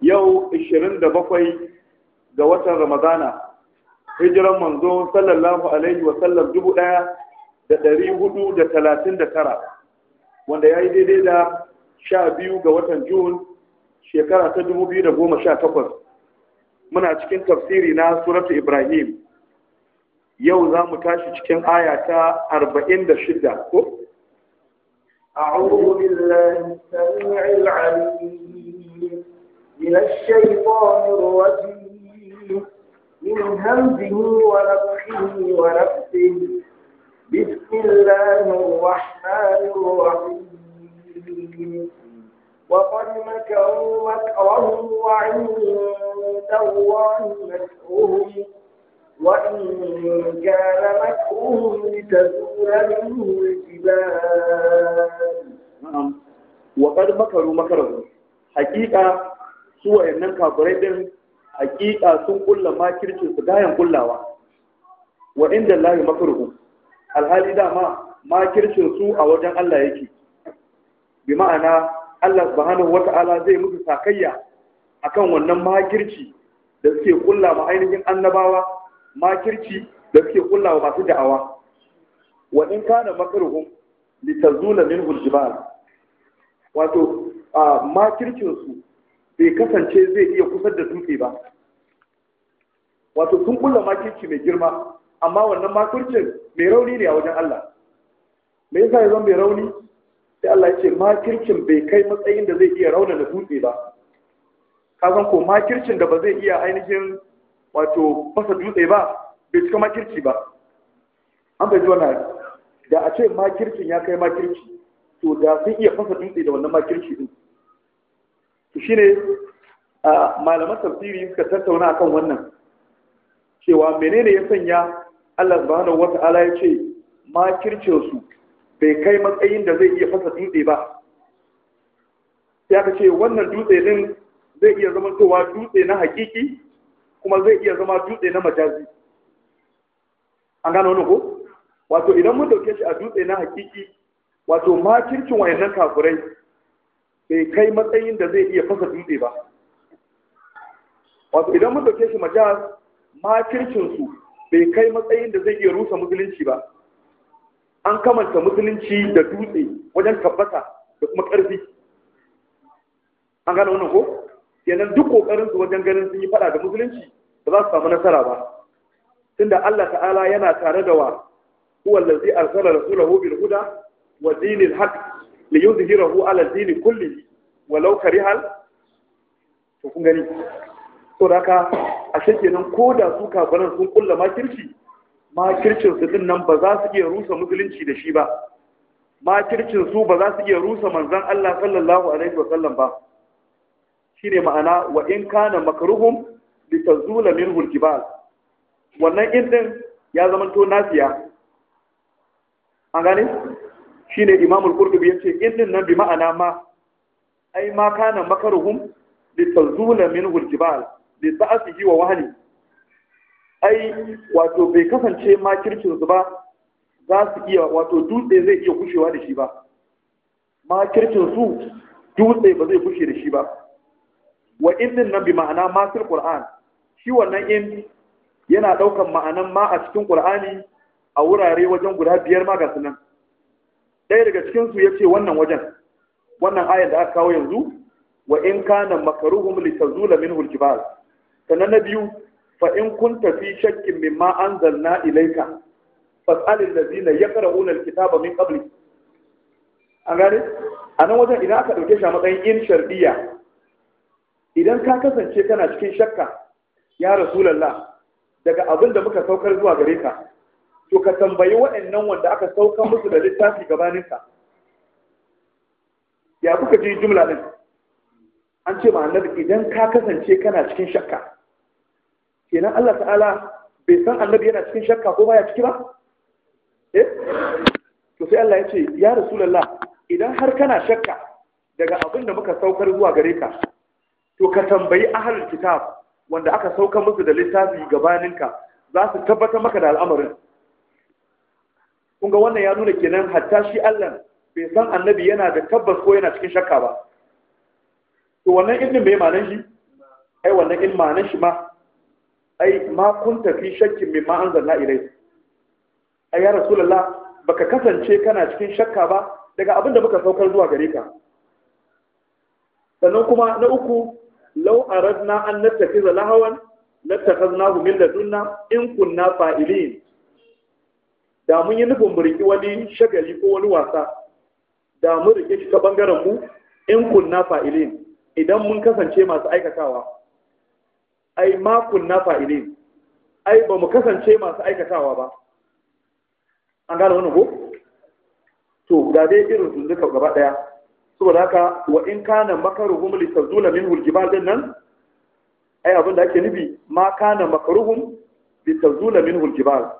yau 27 ga watan Ramadana hijiran manzo sallallahu alaihi wa sallam dubu ɗaya da ɗari hudu da talatin da tara wanda ya yi daidai da sha biyu ga watan Jun shekara ta dubu biyu da goma sha takwas muna cikin tafsiri na suratu Ibrahim yau za mu tashi cikin aya ta arba'in da shida ko? أعوذ بالله السميع العليم من الشيطان الرجيم من همزه ونفخه ونفسه بسم الله الرحمن الرحيم وقد مكروا مكرهم وعند الله مكرهم وإن كان مكرهم لتزول منه الجبال نعم وقد مكروا مكرهم حقيقة su wayannan kafirai din hakika sun kulla makircin su gayan kullawa wa inda lahi makruhu alhali dama makircin su a wajen Allah yake bi ma'ana Allah subhanahu wata'ala zai musu sakayya akan wannan makirci da suke kulla ma ainihin annabawa makirci da suke kulla wa masu da'awa wa in kana makruhum litazula minhu aljibal wato makircin su bai kasance zai iya kusa da dutse ba wato sun kulla makirci mai girma amma wannan makircin mai rauni ne a wajen Allah me yasa ya mai rauni sai Allah ya ce makircin bai kai matsayin da zai iya rauna da dutse ba ka san ko makircin da ba zai iya ainihin wato fasa dutse ba bai cika makirci ba an bai zuwa da a ce makircin ya kai makirci to da sun iya fasa dutse da wannan makirci din ne a malaman tafsiri suka tattauna akan wannan cewa menene ya sanya Allah subhanahu wata'ala ya ce kirce su bai kai matsayin da zai iya fasa dutse ba sai aka ce wannan dutse din zai iya zama cewa dutse na hakiki kuma zai iya zama dutse na majazi an gano wani ko wato idan mun dauke shi a dutse na hakiki wato makircin wayannan kafurai bai kai matsayin da zai iya fasa dutse ba wato idan mun dauke shi majaz makircin bai kai matsayin da zai iya rusa musulunci ba an kamanta musulunci da dutse wajen tabbata da kuma ƙarfi an gane wannan ko kenan duk kokarin su wajen ganin sun yi fada da musulunci ba za su samu nasara ba tunda Allah ta'ala yana tare da wa huwa allazi arsala rasulahu bil huda wa dinil haqq li yuzhirahu ala dini kullihi walau karihal to kun gani to da a shekenan ko da su kafiran sun kulla makirci makircin su din nan ba za su iya rusa musulunci da shi ba makircin su ba za su iya rusa manzon Allah sallallahu alaihi wa sallam ba shine ma'ana wa in kana makruhum tazula minhu al-jibal wannan in din ya zamanto nasiya an gane shine Imam al-Qurtubi yace idin nan bi ma'ana ma ai ma kana makaruhum li tazula minhu al-jibal li ta'sihi wa wahli ai wato bai kasance ma kirkin su ba za su iya wato dutse zai iya kushewa da shi ba ma kirkin su dutse ba zai kushe da shi ba wa idin nan bi ma'ana ma fil Qur'an shi wannan in yana daukan ma'anan ma a cikin Qur'ani a wurare wajen guda biyar ma ga sunan ɗaya daga cikin su ce wannan wajen wannan ayar da aka kawo yanzu wa in kana makaruhum tazula minhu al-jibal sannan na biyu fa in kunta fi shakkin mimma anzalna ilayka fas'al allazina yaqra'una al-kitaba min qabli an gane a wajen idan aka ɗauke shi a matsayin in idan ka kasance kana cikin shakka ya rasulullah daga abin da muka saukar zuwa gare ka to ka tambayi waɗannan wanda aka sauka musu da littafi gabaninsa ya kuka ji jumla din an ce ma idan ka kasance kana cikin shakka kenan Allah ta'ala bai san annabi yana cikin shakka ko baya ciki ba eh to sai Allah ya ce ya rasulullah idan har kana shakka daga abin da muka saukar zuwa gare ka to ka tambayi ahlul kitab wanda aka sauka musu da littafi gabaninka za su tabbatar maka da al'amarin kun ga wannan ya nuna kenan hatta shi Allah bai san annabi yana da tabbas ko yana cikin shakka ba to wannan ilmin bai manan shi ai wannan ilmin manan shi ma ai ma kun tafi shakkin mimma anzalna ilai ai ya rasulullah baka kasance kana cikin shakka ba daga abin da muka saukar zuwa gare ka sannan kuma na uku law aradna an nattakhidha lahawan lattakhadnahu min ladunna in kunna fa'ilin da mun yi nufin mu wani shagali ko wani wasa da mun rike shi ta bangaren mu in kunna fa'ilin idan mun kasance masu aikatawa ai ma kunna fa'ilin ai ba mu kasance masu aikatawa ba an gane wannan ko to ga dai irin sun duka gaba daya saboda haka wa in kana makaruhum li tazula min aljibal din nan ai abin da ake nufi ma kana makaruhum li tazula min aljibal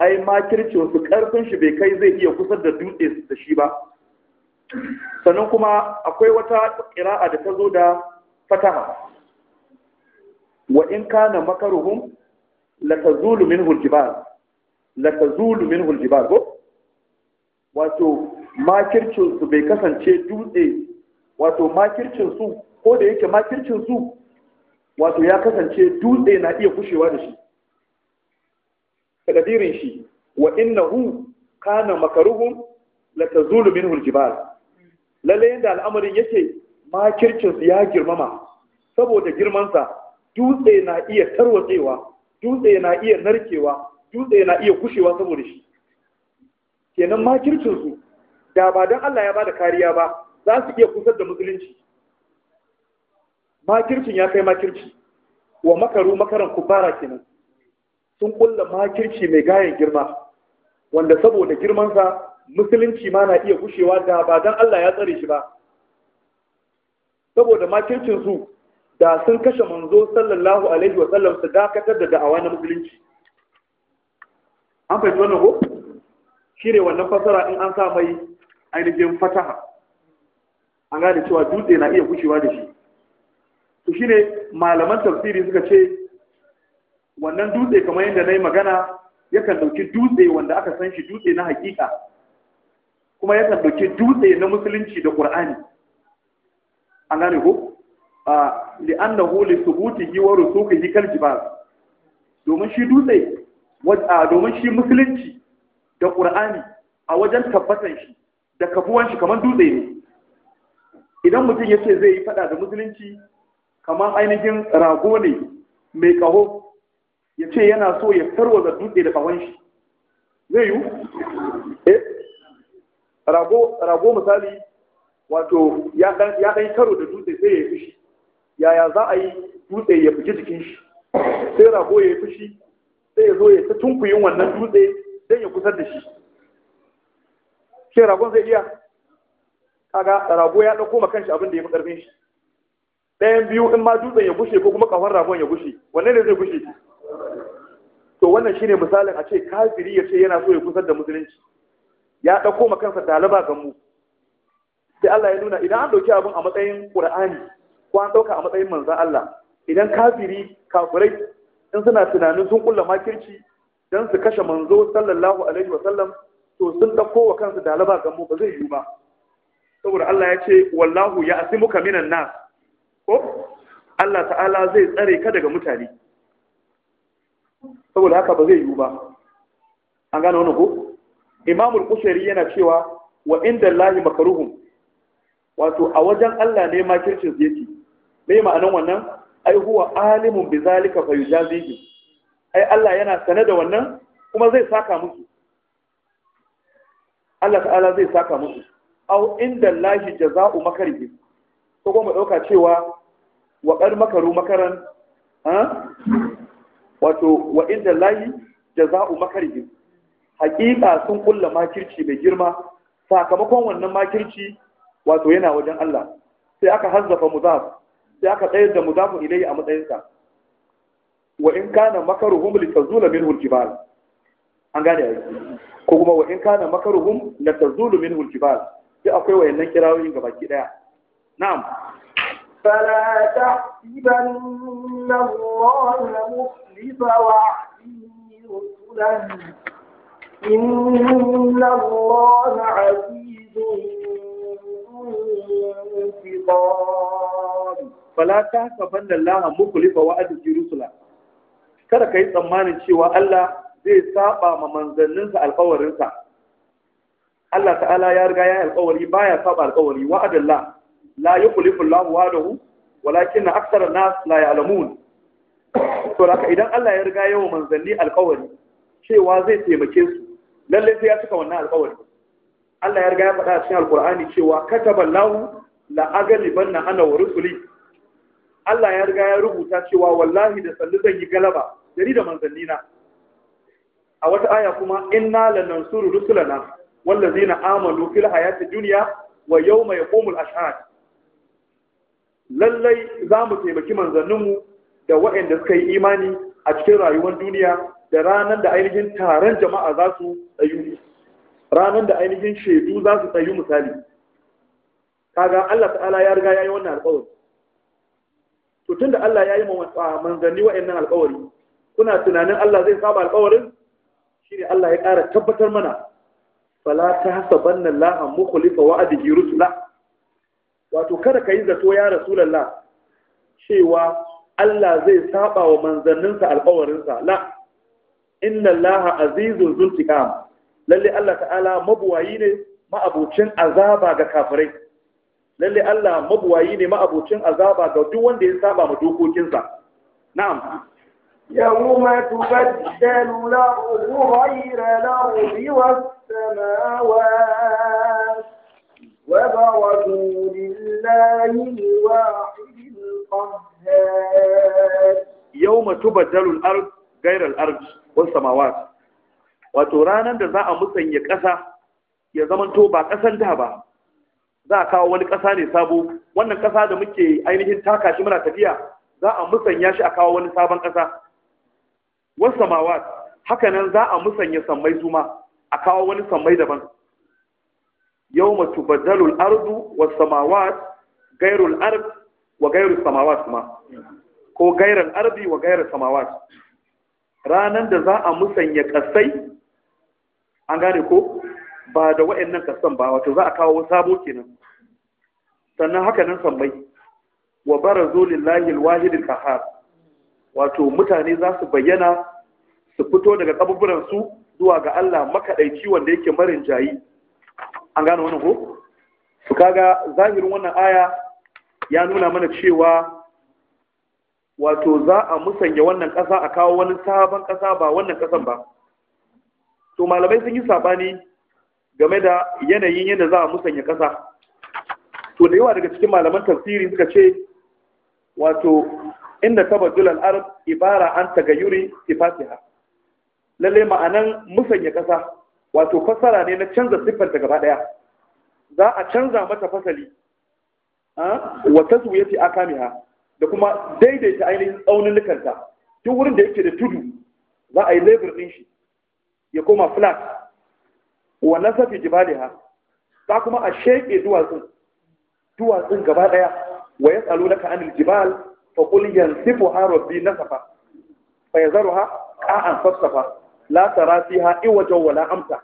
ai makirci wasu karfin shi bai kai zai iya kusa da dutse da shi ba sannan kuma akwai wata ƙira'a da ta zo da fataha wa in kana makaruhum la tazulu minhu aljibal la tazulu minhu aljibal ko wato makircin su bai kasance dutse wato makircin su ko da yake makircin su wato ya kasance dutse na iya kushewa da shi takadirin shi wa innahu kana makaruhum la tazulu minhu aljibal lalle yanda al'amarin yake makircin su ya girmama saboda girman sa dutse na iya tarwatsewa dutse na iya narkewa dutse na iya kushewa saboda shi kenan makircin su da ba dan Allah ya bada kariya ba za su iya kusar da musulunci makircin ya kai makirci wa makaru makaran kubara kenan sun kulla makirci mai gayan girma wanda saboda girmansa musulunci ma na iya gushewa da ba don Allah ya tsare shi ba saboda makircin su da sun kashe manzo sallallahu alaihi wa sallam su dakatar da da'awa na musulunci an fahimci wannan ko shire wannan fasara in an sa mai ainihin fataha an gane cewa dutse na iya gushewa da shi to shine malaman tafsiri suka ce wannan dutse kamar yadda na yi magana yakan ɗauki dutse wanda aka san shi dutse na hakika kuma yakan ɗauki dutse na musulunci da ƙur'ani an gane ko a li'annahu li subutihi wa rusukihi kal ba domin shi dutse domin shi musulunci da ƙur'ani a wajen tabbatan shi da kafuwan shi kamar dutse ne idan mutum ya ce zai yi faɗa da musulunci kamar ainihin rago ne mai ƙaho ya ce yana so ya tarwaza dutse da bawan shi zai yi eh rago misali wato ya ɗan karo da dutse sai ya yi fushi yaya za a yi dutse ya fuji jikin shi sai rago ya yi fushi sai ya zo ya ta tunkuyin wannan dutse don ya kusar da shi shi ragon zai iya kaga rago ya ɗauko ma kanshi abin da ya fi ƙarfin shi ɗayan biyu in ma dutsen ya gushe ko kuma ƙafar ragon ya gushe wanne ne zai gushe to wannan shine misalin a ce kafiri ya ce yana so ya kusar da musulunci ya ɗauko ma kansa daliba, ga mu sai Allah ya nuna idan an ɗauki abin a matsayin Qur'ani ko an ɗauka a matsayin manzon Allah idan kafiri kafirai in suna tunanin sun kulla makirci dan su kashe manzo sallallahu alaihi wasallam to sun ɗauko wa kansa daliba, ga mu ba zai yiwu ba saboda Allah ya ce wallahu ya asimuka minan nas ko Allah ta'ala zai tsare ka daga mutane saboda haka ba zai yiwu ba an gane wani ko imamul kushairi yana cewa wa inda lahi makaruhun wato a wajen allah ne ma kirkin yake me ma'anan wannan ai huwa alimun bi zalika fa yujazihi ai allah yana sane da wannan kuma zai saka musu allah ta'ala zai saka musu au inda lahi jaza'u makarihi ko kuma dauka cewa wa qad makaru makaran ha wato wa inda lahi jaza'u makarihim hakika sun kulla makirci mai girma sakamakon wannan makirci wato yana wajen Allah sai aka hazzafa muzaf sai aka tsayar da muzafu ilayhi a matsayinsa wa in kana makaruhum li tazula minhu al-jibal an gane ai ko kuma wa in kana makaruhum la tazulu minhu al-jibal sai akwai wayannan kirawoyin gabaki daya na'am فلا تحسبن الله يكذب وعدي رسلا إن الله عزيز انتقام فلا تحسبن الله مخلف وعده رسلا kada ka yi tsammanin cewa Allah zai saba ma manzanninsa alkawarinsa Allah ta'ala ya riga ya alkawari baya saba alkawari wa'adallah la yukhlifu Allah wa'adahu walakin aktsara an-nas la ya'lamun to haka idan Allah ya riga wa manzanni alƙawari cewa zai taimake su lalle sai ya cika wannan alƙawari Allah ya riga ya faɗa cikin alƙur'ani cewa kataba lahu la aghlibanna ana wa rusuli Allah ya riga ya rubuta cewa wallahi da sallu zan yi galaba dari da manzanni na a wata aya kuma inna lanansuru rusulana wallazina amanu fil hayati dunya wa yawma yaqumul ashhad lallai za mu taimaki manzanninmu da waɗanda suka yi imani a cikin rayuwar duniya da ranar da ainihin taron jama'a za su tsayu ranar da ainihin shaidu za su tsayu misali kaga Allah ta'ala ya riga ya yi wannan alƙawari to tunda Allah ya yi manzanni waɗannan alƙawari kuna tunanin Allah zai saba alƙawarin shine Allah ya ƙara tabbatar mana fala ta hasabanna Allah mukhlifa wa'dihi rusula wato kada ka yi zato ya rasulullah cewa Allah zai saba wa manzanninsa alƙawarinsa la inna Allah azizun zultiqam lalle Allah ta'ala mabuwayi ne ma'abucin azaba ga kafirai lalle Allah mabuwayi ne ma'abucin azaba ga duk wanda ya saba ma dokokinsa na'am يوم تبدل الأرض غير الأرض والسماوات وبرزوا لله الواحد القهار yawma tubaddalu al-ard ghayra al-ard was samawat wato ranar da za a musanya ƙasa ya to ba ƙasan da ba za a kawo wani ƙasa ne sabo wannan ƙasa da muke ainihin taka shi muna tafiya za a musanya shi a kawo wani sabon ƙasa wasu samawat nan, za a musanya sammai su ma a kawo wani sammai daban yau matu badalul ardu wasu samawat gairul ard wa gairu samawat ma ko gairar arbi wa gairar samawat ranan da za a musanya kasai an gane ko ba da wa'annan kasan ba wato za a kawo sabo kenan sannan haka nan sammai wa barazu lillahi alwahid alqahar wato mutane za su bayyana su fito daga kaburburan su zuwa ga Allah makadaici wanda yake marin jayi an gane wannan ko to kaga zahirin wannan aya ya nuna mana cewa wato za a musanya wannan ƙasa a kawo wani sabon ƙasa ba wannan ƙasan ba to malamai sun yi sabani game da yanayin yadda za a musanya ƙasa to da yawa daga cikin malaman tafsiri suka ce wato inda tabaddul al-arab ibara an yuri sifatiha lallai ma'anan musanya ƙasa wato fassara ne na canza siffar ta gaba ɗaya, za a canza mata fasali a taswiyati akamiha da kuma daidaita ainihin tsaunin nukanta duk wurin da yake da tudu za a yi labar din shi ya koma flat wa nasafi jibaliha Ta kuma a sheke duwatsun duwatsun gaba daya wa ya yas'alunaka anil jibal fa qul yansifuha rabbi nasafa fa yazaruha qa'an fasfafa la tara fiha iwaja wala amta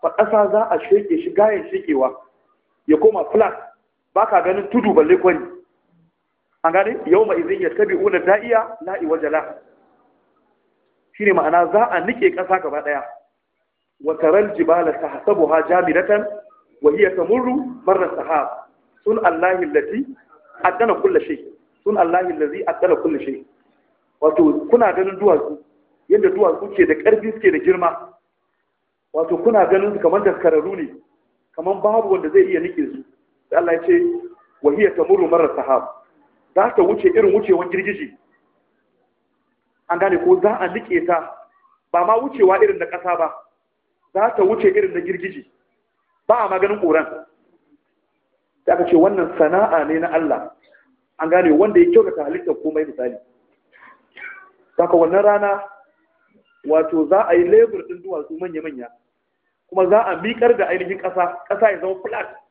fa ƙasa za a sheke shi gayen shekewa ya koma flat ba ka ganin tudu balle kwani an gane yau mai zai ya tabi una da'iya la'i wajala shi ne ma'ana za a nike ƙasa gaba ɗaya wataral jibala ta hasabu ha jamiratan wa hiya tamurru marra sahab sun allahi allati addana kullu shay sun allahi allazi addana kullu shay wato kuna ganin duwatsu yadda duwatsu ke da ƙarfi suke da girma wato kuna ganin su kamar daskararru ne kamar babu wanda zai iya nike su Allah ya ce wa hiya tamuru marar sahab za ta wuce irin wucewan girgije an gane ko za a nike ta ba ma wucewa irin na ƙasa ba za ta wuce irin na girgije ba a maganin ƙoran da aka ce wannan sana'a ne na Allah an gane wanda ya kyautata halittar komai misali saka wannan rana wato za a yi lebur ɗin duwatsu manya-manya kuma za a miƙar da ainihin ƙasa ƙasa ya zama flat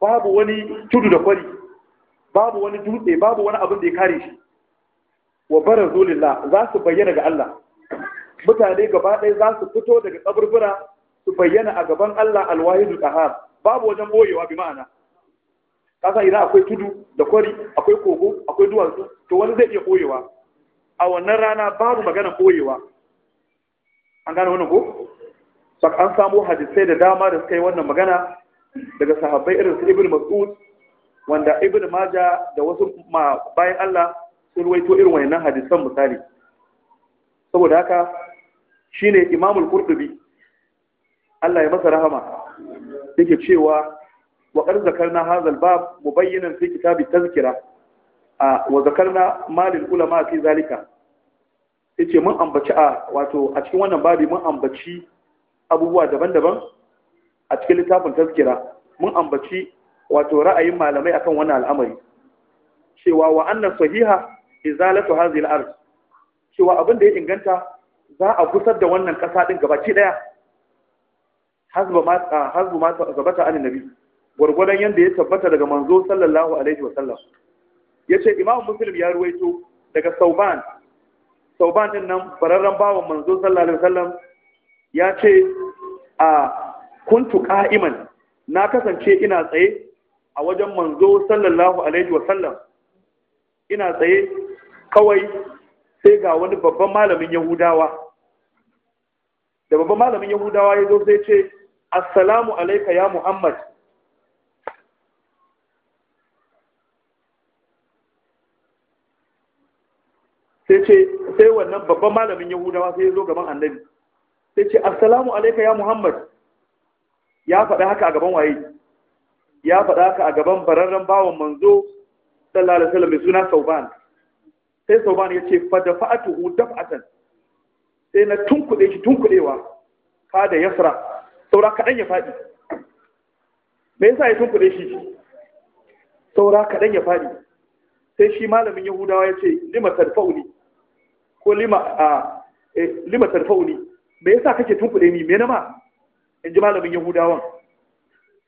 babu wani tudu da kwari babu wani dutse babu wani abin da ya kare shi wa barazu za su bayyana ga Allah mutane gaba ɗaya za su fito daga kaburbura su bayyana a gaban Allah alwahidul qahar babu wajen boyewa bi ma'ana kasa idan akwai tudu da kwari akwai kogo akwai duwatsu to wani zai iya boyewa a wannan rana babu magana boyewa an gane wannan ko an samo hadisai da dama da suka yi wannan magana daga sahabbai irin su ibn mas'ud wanda ibn maja da wasu ma bayan Allah sun ruwaito irin wayannan hadisan misali saboda haka shine imamul qurtubi Allah ya masa rahama yake cewa wa qad zakarna hadha al-bab mubayyinan fi kitab at-tazkira wa zakarna malil ulama fi zalika yace mun ambaci a wato a cikin wannan babi mun ambaci abubuwa daban-daban a cikin littafin tazkira mun ambaci wato ra'ayin malamai akan wannan al'amari cewa wa annan sahiha izalatu hadhihi al cewa abin da ya inganta za a gusar da wannan kasa din gabaki daya hazba ma hazba ma tabbata an nabi gurgurdan yanda ya tabbata daga manzo sallallahu alaihi wa sallam yace imamu muslim ya ruwaito daga sauban sauban din nan fararren bawan manzo sallallahu alaihi wa sallam ya ce a kuntu qa'iman na kasance ina tsaye a wajen manzo sallallahu alaihi wa sallam ina tsaye kawai sai ga wani babban malamin yahudawa da babban malamin yahudawa ya zo sai ce assalamu alaika ya muhammad sai ce sai wannan babban malamin yahudawa sai ya zo gaban annabi sai ce assalamu alaika ya muhammad ya faɗa haka a gaban waye ya faɗa haka a gaban bararren bawan manzo sallallahu alaihi wasallam mai suna sauban sai sauban ya ce fa dafa'atuhu daf'atan sai na tunkuɗe shi tunkuɗewa ka da yasra saura kaɗan ya faɗi me yasa ya tunkuɗe shi saura kaɗan ya faɗi sai shi malamin yahudawa ya ce lima tarfa'uni ko lima a eh, lima tarfa'uni me yasa kake tunkuɗe ni me na ma in ji malamin yahudawan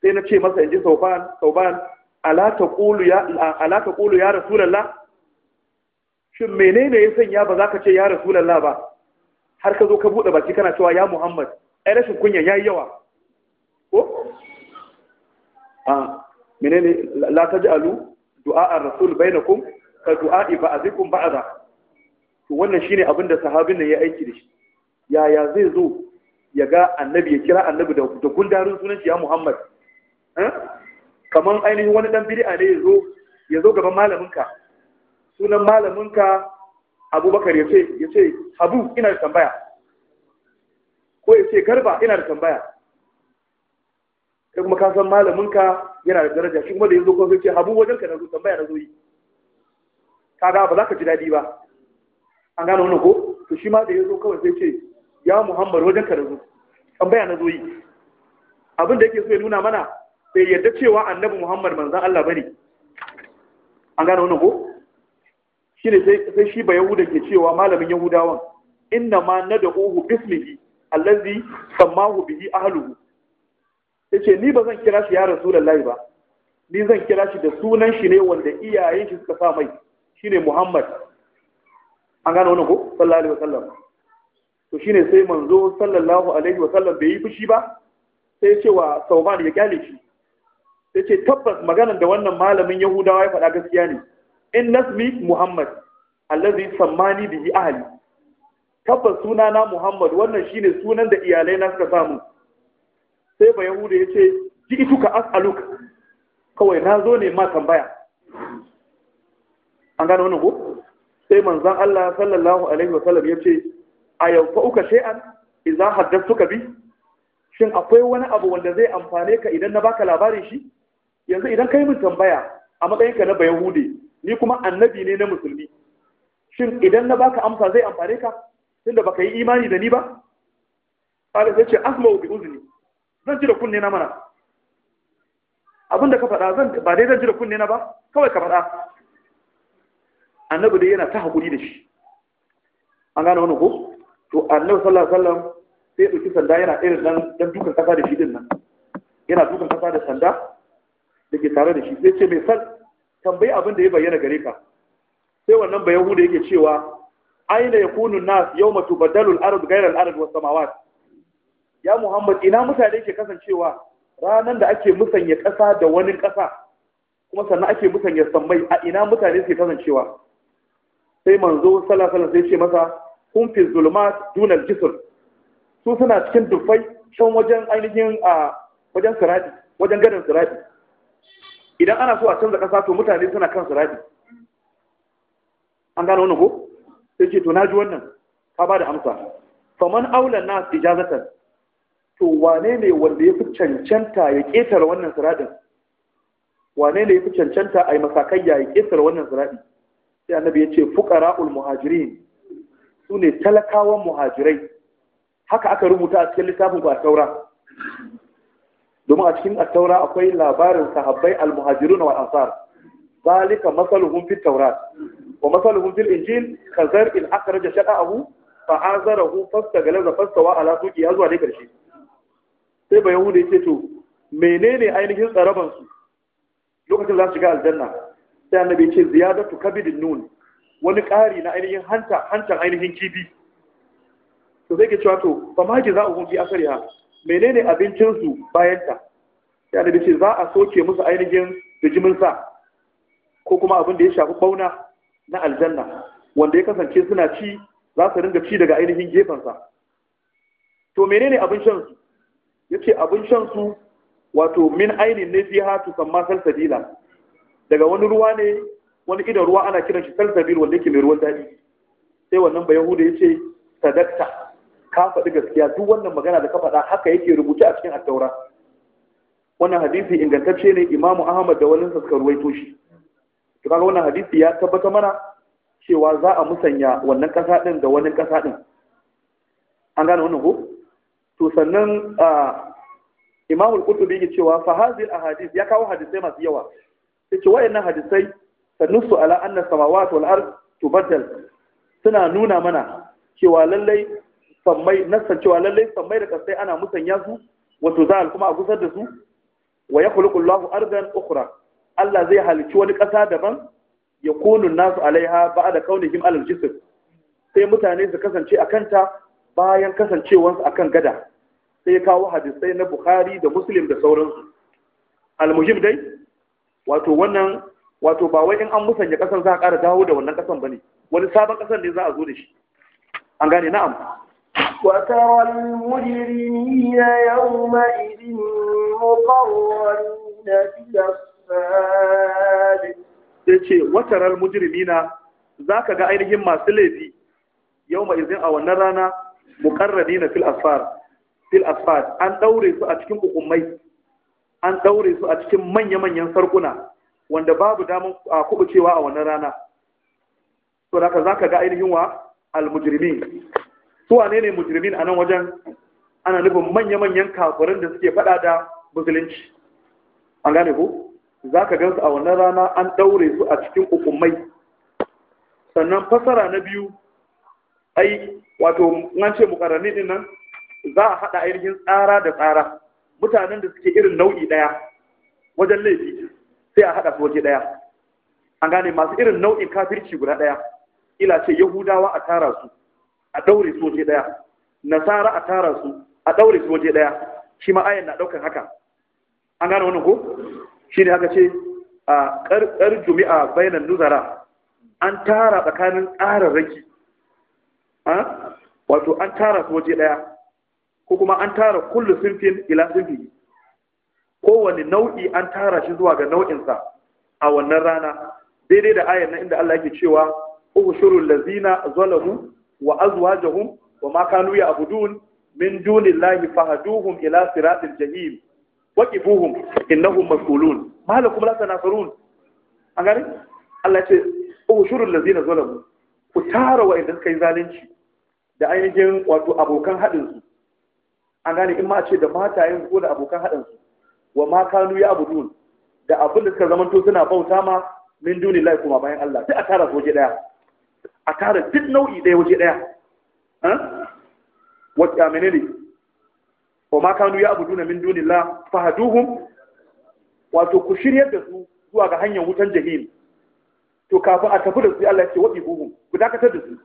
sai na ce masa in ji sauban sauban ala ta ya rasulallah shin menene ya sanya ba za ka ce ya rasulallah ba har ka zo ka buɗe baki kana cewa ya muhammad ai rashin kunya ya yi yawa ko a menene la ta ji alu du'a'ar rasul bainakum ka du'a du'a'i ba a to wannan shine abin da sahabin nan ya aiki da shi yaya zai zo ya ga annabi ya kira annabi da gundarin sunan shi ya Muhammad kamar ainihin wani dan bid'a ne ya zo ya zo gaban malaminka sunan malaminka Abubakar ya ce ya ce Habu ina da tambaya ko ya ce Garba ina da tambaya kai kuma ka san malaminka yana da daraja shi kuma da ya zo sai ce Habu wajenka na zo tambaya na zo yi ga ba za ka ji daɗi ba an gane wannan ko to shi ma da ya zo kawai sai ce ya Muhammad wajenka na zo tambaya na zo yi abin da yake so ya nuna mana bai yadda cewa annabi Muhammad manzon Allah bane an gane wannan ko shine sai sai shi ba yahuda ke cewa malamin yahudawan inna ma nad'uhu bismihi allazi sammahu bihi ahluhu yace ni ba zan kira shi ya rasulullahi ba ni zan kira shi da sunan shi ne wanda iyayen shi suka sa mai shine Muhammad an gane wannan ko sallallahu alaihi wasallam to shine sai manzo sallallahu alaihi wa sallam bai yi fushi ba sai cewa sauban ya kyale shi sai ce tabbas magana da wannan malamin yahudawa ya faɗa gaskiya ne in nasmi muhammad allazi sammani bihi ahli tabbas sunana muhammad wannan shine sunan da iyalai na suka samu sai ba yahuda ya ce ji ituka as'aluka kawai na zo ne ma tambaya an gano wannan ko sai manzon Allah sallallahu alaihi wa sallam ya ce a yau fa uka shay'an idza haddathuka bi shin akwai wani abu wanda zai amfane ka idan na baka labarin shi yanzu idan kai min tambaya a matsayinka na bayahude ni kuma annabi ne na musulmi shin idan na baka amsa zai amfane ka tunda baka yi imani da ni ba Allah sai ce asma'u bi uzni zan ji da kunne na mana abinda ka faɗa zan ba dai zan ji da kunne na ba kawai ka faɗa annabi dai yana ta hakuri da shi an gane wani ko to annabi sallallahu alaihi wasallam sai ya ɗauki sanda yana irin nan dan dukan kasa da shi din nan yana dukan kasa da sanda da ke tare da shi sai ce mai san tambayi abin da ya bayyana gare ka sai wannan bayan yahuda yake cewa aina yakunu nas yawma tubaddalu al-ardu ghayra al-ardu was samawat ya muhammad ina mutane ke kasancewa ranan da ake musanya ƙasa da wani ƙasa kuma sannan ake musanya sammai a ina mutane suke kasancewa sai manzo sallallahu alaihi wasallam sai ce masa Kun fi zulma duna al su suna cikin dufai can wajen ainihin a wajen sirati wajen gadon sirati idan ana so a canza kasa to mutane suna kan sirati an gano wani ko sai ce to na ji wannan ka ba da amsa faman aulan na ijazatar to wane ne wanda ya fi cancanta ya ƙetare wannan siradin wane ne ya fi cancanta a yi masakayya ya ƙetare wannan siradi sai annabi ya ce ul muhajirin su ne talakawan muhajirai haka aka rubuta a cikin littafin ba taura domin a cikin taura akwai labarin sahabbai almuhajirun wa ansar zalika masaluhum fi taura. wa masaluhum fil injil kazar in akhraja shaqahu fa azarahu fastagalaza fastawa ala suqi azwa dai karshe sai ba yahuda ce to menene ainihin tsarabansu lokacin za su shiga aljanna sai annabi ce ziyadatu kabidin nun wani ƙari na ainihin hanta hantan ainihin kifi to zai ke cewa to ba ma za a hunfi asari ha menene abincinsu bayan ta ya da ce za a soke musu ainihin bijimin sa ko kuma abin da ya shafi bauna na aljanna wanda ya kasance suna ci za su ringa ci daga ainihin gefensa to menene abin shan su yace abin shan wato min ainin ne fiha tusamma salsabila daga wani ruwa ne wani idan ruwa ana kiran shi salsabil wanda yake mai ruwan daɗi sai wannan ba yahuda ya ce sadakta ka faɗi gaskiya duk wannan magana da ka faɗa haka yake rubuce a cikin attaura wannan hadisi ingantacce ne imamu ahmad da wani suka ruwaito shi to kaga wannan hadisi ya tabbata mana cewa za a musanya wannan ƙasa ɗin da wani ƙasa ɗin an gane wannan ko to sannan imamu al-qurtubi ya cewa fa hadhihi al-ahadith ya kawo hadisai masu yawa sai ce wayannan hadisai tanussu ala anna samawati wal ard suna nuna mana cewa lallai sammai nasan cewa lallai sammai da kasai ana musanya su wato za kuma a gusar da su wa ya kulukun Allahu ardan ukura Allah zai halicci wani ƙasa daban ya kunu nasu alaiha ba'da kaunihim alal jisr sai mutane su kasance a kanta bayan kasancewansu kan gada sai ya kawo hadisai na Bukhari da Muslim da sauransu almuhim dai wato wannan wato ba wai in an musanya kasar za a ƙara dawo da wannan kasan bane wani sabon kasan ne za a zo da shi an gane na'am وترى المجرمين يومئذ مقرنين في الأصفاد yace wataral mujrimina zaka ga ainihin masu laifi yawma izin a wannan rana muqarrabina fil asfar fil asfar an daure su a cikin hukumai an daure su a cikin manya-manyan sarkuna wanda babu damar kubucewa a wannan rana to da za ka ga ainihin wa almujrimin su wane ne mujrimin a nan wajen ana nufin manya-manyan kafirin da suke faɗa da musulunci an gane ku za ka gansu a wannan rana an ɗaure su a cikin hukumai sannan fasara na biyu ai wato an ce mukarrani din nan za a haɗa ainihin tsara da tsara mutanen da suke irin nau'i ɗaya wajen laifi sai a haɗa waje ɗaya an gane masu irin nau'in kafirci guda ɗaya ila ce yahudawa a tara su a ɗaure su waje ɗaya nasara a tara su a ɗaure su waje ɗaya shi ma ayan na ɗaukar haka an gane wannan ko shi ne haka ce a ƙar jumi'a bayanan nuzara an tara tsakanin ranki. wato an tara su waje ɗaya ko kuma an tara kullu sinfin ila sinfi kowane nau'i an tara shi zuwa ga nau'insa a wannan rana daidai da ayyana nan inda Allah yake cewa ushurul lazina zalamu wa azwajuhum wa ma kanu ya'budun min dunillahi fahduhum ila siratil jahim waqifuhum innahum mas'ulun malakum la tanasarun an gane Allah ce ushurul lazina zalamu ku tara wa suka yi zalunci da ainihin wato abokan hadin su an gane in ma ce da matayen ko da abokan hadin su wa ma kanu ya abudun da abin da suka zamanto suna bauta ma min duni lai kuma bayan Allah duk a tara su waje daya a tara duk nau'i daya waje daya wata ne wa ma kanu ya abuduna min duni la fahaduhum wato ku shiryar da su zuwa ga hanyar wutan jahim to kafin a tafi da su Allah ya ce waɗi buhum ku dakatar da su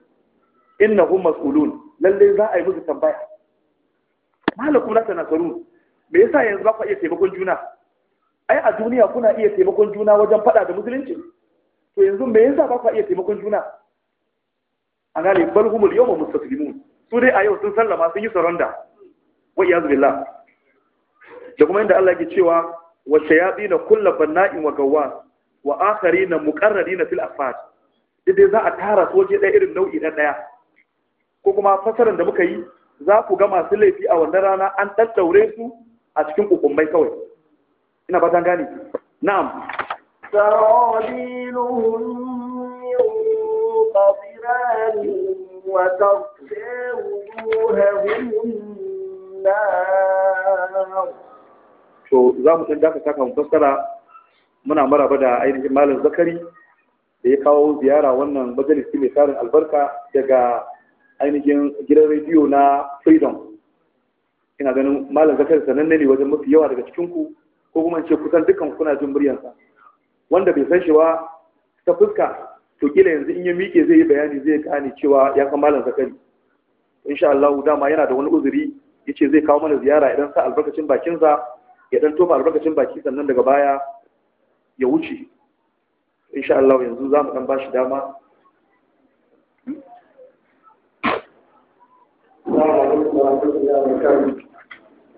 innahum mas'ulun lalle za a yi musu tambaya malakum la tanasarun me yasa yanzu ba ku iya taimakon juna ai a duniya kuna iya taimakon juna wajen faɗa da musulunci to yanzu me yasa ba ku iya taimakon juna an gane bal humul yawma mustaslimun su dai a yau sun sallama sun yi saranda wa iyaz billah da kuma inda Allah yake cewa wa na kulla banna'in wa gawwas wa akharina na fil afad dai za a tara su waje ɗaya irin nau'i na ɗaya ko kuma fasaran da muka yi za ku ga masu laifi a wannan rana an ɗaɗɗaure su a cikin kukumbai kawai ina ba zan gani na'am sarabiluhum min to za mu san daga saka fassara muna maraba da ainihin malam zakari da ya kawo ziyara wannan majalisi mai tarin albarka daga ainihin gidan rediyo na freedom ina ganin malam zakar sananne ne wajen mafi yawa daga cikin ku ko kuma ce kusan dukan kuna jin muryansa wanda bai san shi ba ta fuska to kila yanzu in ya miƙe zai yi bayani zai gane cewa ya san malam zakari insha Allah dama yana da wani uzuri yace zai kawo mana ziyara idan sa albarkacin bakin sa ya dan tofa albarkacin baki sannan daga baya ya wuce insha Allah yanzu za mu dan bashi dama Assalamu alaikum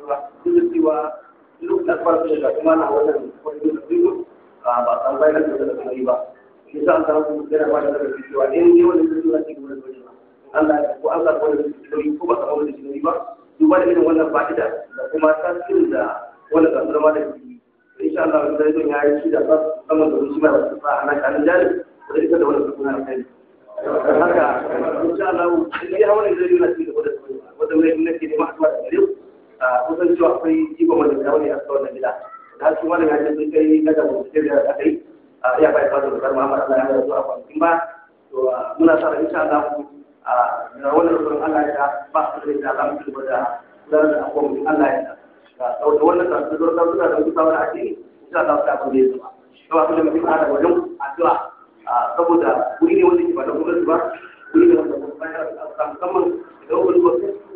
cewa duk da cewa duk da farko da kuma na wannan wani da su ba san bai da da kuma yi ba shi sa an samu yana ba da da cewa in ne wani da suna cikin wani wani Allah ya ko Allah ko da cikin ko ba ka wani cikin ba duba da irin wannan fa'ida da kuma tasirin da wannan kasuwar ma da ke insha Allah da zai ya yi shi da ba sama da shi ma da ba ana kanin jari da ita da wannan kasuwar kai haka in dai hawan da zai yi na cikin da wannan wanda wai nake da ma'aikata da yau kusan cewa akwai jiba wanda da wani a cikin wannan gida da har kuma daga cikin kai kada mu fitar da aka yi ya bai fara da karma amma Allah ya zo a kwanakin ba to muna sa ran insha Allah da wannan rubutun Allah ya ba su da za mu ci gaba da gudanar da Allah ya da da wannan da wannan suna da wani sabon addini insha Allah ta kuma zuwa to wato da mutum ana wajen addu'a saboda wuri ne wanda ke ba da gwamnati ba wuri ne wanda ba ya musamman da wani gwamnati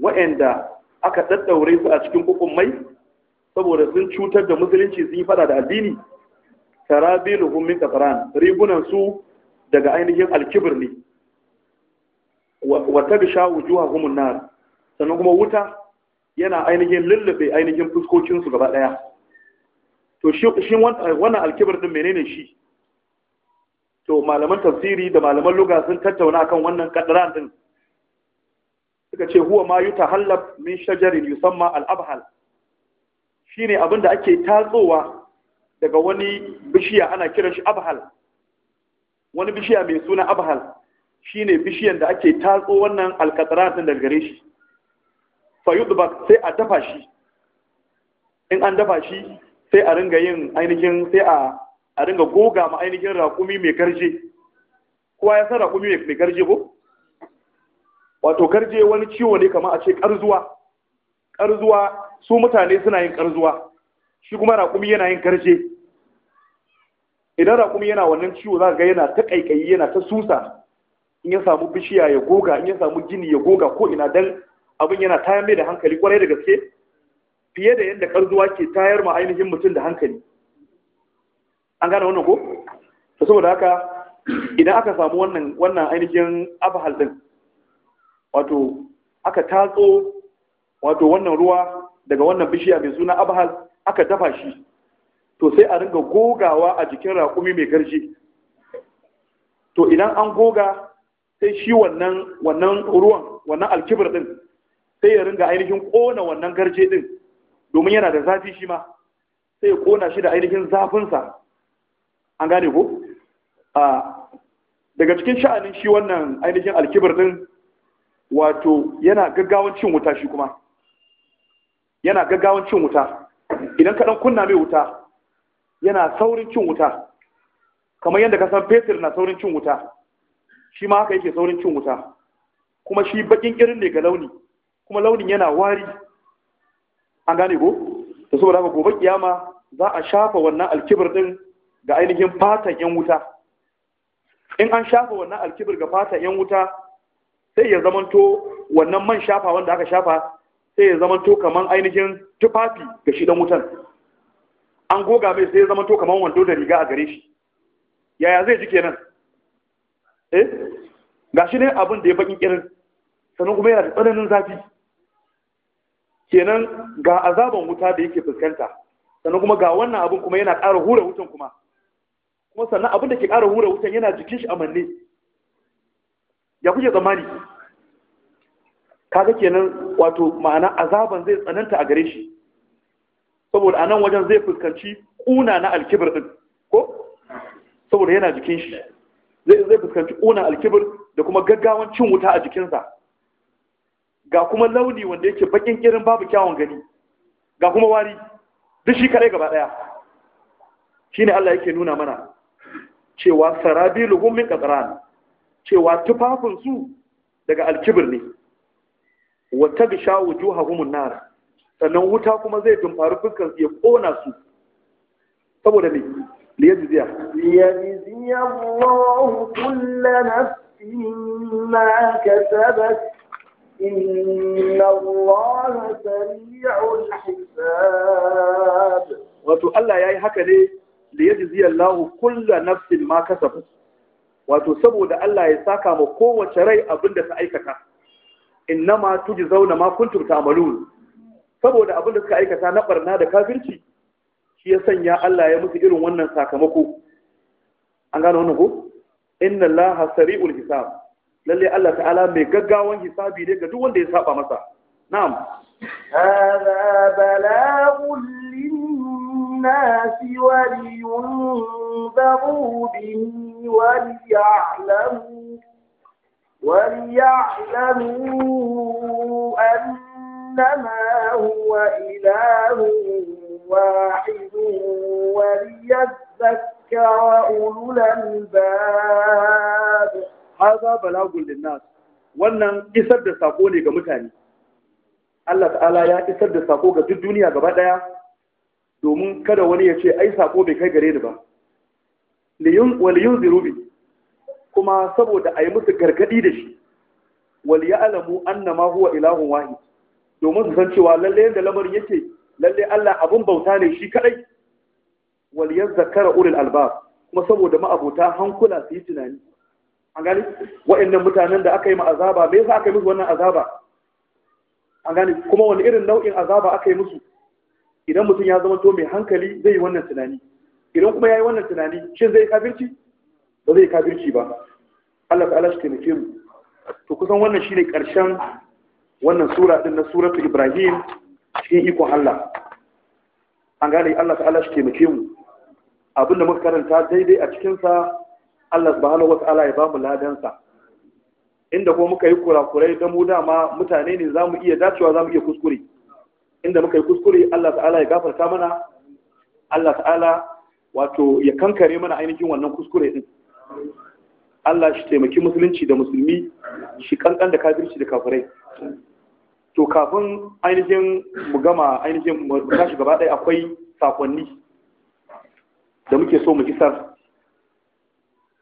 wa'anda aka daddaure su a cikin mai, saboda sun cutar da musulunci sun yi fada da addini sarabiluhum min qatran rigunan su daga ainihin alkibir ne wa tabsha wujuhahum an-nar sannan kuma wuta yana ainihin lullube ainihin fuskokin su gaba daya to shi wannan alkibir din menene shi to malaman tafsiri da malaman lugha sun tattauna akan wannan qadran din suka ce huwa ma halab min shajarin yusamma al-abhal shine abin da ake tatsowa daga wani bishiya ana kiran shi abhal wani bishiya mai suna abhal shine bishiyan da ake tatso wannan alkataratin daga gare shi fa yudbak sai a dafa shi in an dafa shi sai a ringa yin ainihin sai a a ringa goga ma ainihin raƙumi mai garje kowa ya san raƙumi mai garje ko wato karje wani ciwo ne kamar a ce karzuwa karzuwa su mutane suna yin karzuwa shi kuma raƙumi yana yin karje idan raƙumi yana wannan ciwo za ga yana ta ƙaiƙayi yana ta susa in ya samu bishiya ya goga in ya samu gini ya goga ko ina dan abin yana tayar mai da hankali kwarai da gaske fiye da yadda karzuwa ke tayar ma ainihin mutum da hankali an gane wannan ko saboda haka idan aka samu wannan wannan ainihin abahal din wato aka tatso wato wannan ruwa daga wannan bishiya mai suna abahal aka dafa shi to sai a ringa gogawa a jikin raƙumi mai garji to idan an goga sai shi wannan wannan ruwan wannan alkibir din sai ya ringa ainihin ƙona wannan garje din domin yana da zafi shi ma sai ya ƙona shi da ainihin zafinsa an gane ko daga cikin sha'anin shi wannan ainihin alkibir din wato yana gaggawan cin wuta shi kuma yana gaggawan cin wuta idan ka dan kunna mai wuta yana saurin cin wuta kamar yadda ka san fetur na saurin cin wuta shi ma haka yake saurin cin wuta kuma shi bakin irin ne ga launi kuma launin yana wari an gane ko da saboda haka gobe kiyama za a shafa wannan alkibir din ga ainihin fatan yan wuta in an shafa wannan alkibir ga fatan yan wuta sai ya zamanto wannan man shafa wanda aka shafa sai ya zamanto kaman ainihin tufafi ga shi dan wutan an goga mai sai ya zamanto kaman wando da riga a gare shi yaya zai ji kenan eh gashi ne abin da ya bakin kirin sannan kuma yana da tsananin zafi kenan ga azaban wuta da yake fuskanta sannan kuma ga wannan abin kuma yana ƙara hura wutan kuma kuma sannan abin da ke ƙara hura wutan yana jikin shi amanne ya kuke tsammani kaga kenan wato ma'ana azaban zai tsananta a gare shi saboda anan wajen zai fuskanci kuna na alkibir din ko saboda yana jikin shi zai fuskanci kuna alkibir da kuma gaggawan cin wuta a jikinsa ga kuma launi wanda yake bakin kirin babu kyawun gani ga kuma wari duk shi kare gaba daya shine Allah yake nuna mana cewa sarabiluhum min qatran cewa tufafinsu daga alkibir ne wata sha wuju hagumun nara sannan wuta kuma zai tumfari fuskan ya kona su saboda ne liyajziya liyajziya Allah kulla nafsin ma kasabat inna Allah sari'ul hisab wato Allah yayi haka ne liyajziya Allah kulla nafsin ma kasabat wato saboda Allah ya saka ma kowace rai abin da ta aikata innama tujzauna ma kuntum ta'malun saboda abin da suka aikata na barna da kafirci shi ya sanya Allah ya musu irin wannan sakamako an gano wannan ko inna Allah sari'ul hisab lalle Allah ta'ala mai gaggawan hisabi ne ga duk wanda ya saba masa na'am hadha balaghul به وليعلموا وليعلموا أنما هو إله واحد وليذكر أولو الألباب هذا بلاغ للناس wannan isar da sako ne ga mutane Allah ta'ala ya isar da sako ga duk duniya gaba daya domin kada wani ya ce ai sako bai kai gare ni ba waliyun zirubi kuma saboda a yi musu gargadi da shi waliya alamu ma huwa ilahun wahi domin su san cewa lalle yadda lamarin yake lalle Allah abin bauta ne shi kadai ya zakara ulil albab kuma saboda ma'abuta hankula su yi tunani an gani wa'annan mutanen da aka yi ma azaba me yasa aka yi musu wannan azaba an gani kuma wani irin nau'in azaba aka yi musu idan mutum ya zama to mai hankali zai yi wannan tunani idan kuma ya yi wannan tunani shin zai kafirci ba zai kafirci ba Allah ta'ala shi taimake mu to kusan wannan shine karshen wannan sura din na suratu Ibrahim cikin ikon Allah an gane Allah ta'ala shi taimake mu abinda muka karanta daidai a cikin sa Allah subhanahu wata'ala ya bamu ladan sa inda kuma muka yi kurakurai da mu dama mutane ne zamu iya dacewa zamu iya kuskure inda muka yi kuskure Allah ta'ala ya gafarta mana Allah ta'ala wato ya kankare mana ainihin wannan kuskure din Allah shi taimaki musulunci da musulmi shi kankan da kafirci da kafirai to kafin ainihin mu gama ainihin mu tashi gaba ɗaya akwai sakonni da muke so mu isar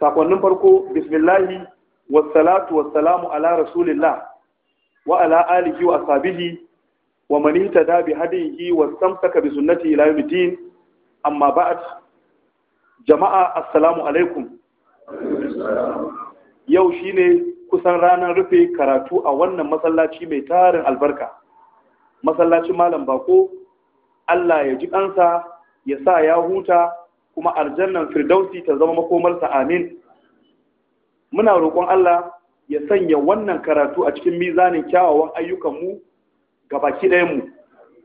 sakonnin farko bismillahi wassalatu wassalamu ala rasulillah wa ala alihi wa ashabihi wa man ihtada bi hadihi wastamsaka bi sunnati ila yawmiddin amma ba'd jama'a assalamu alaikum yau shine kusan ranar rufe karatu a wannan masallaci mai tarin albarka masallacin malam bako Allah ya ji ɗansa ya sa ya huta kuma aljannan firdausi ta zama makomarsa amin muna roƙon Allah ya sanya wannan karatu a cikin mizanin kyawawan ayyukanmu ga baki ɗayanmu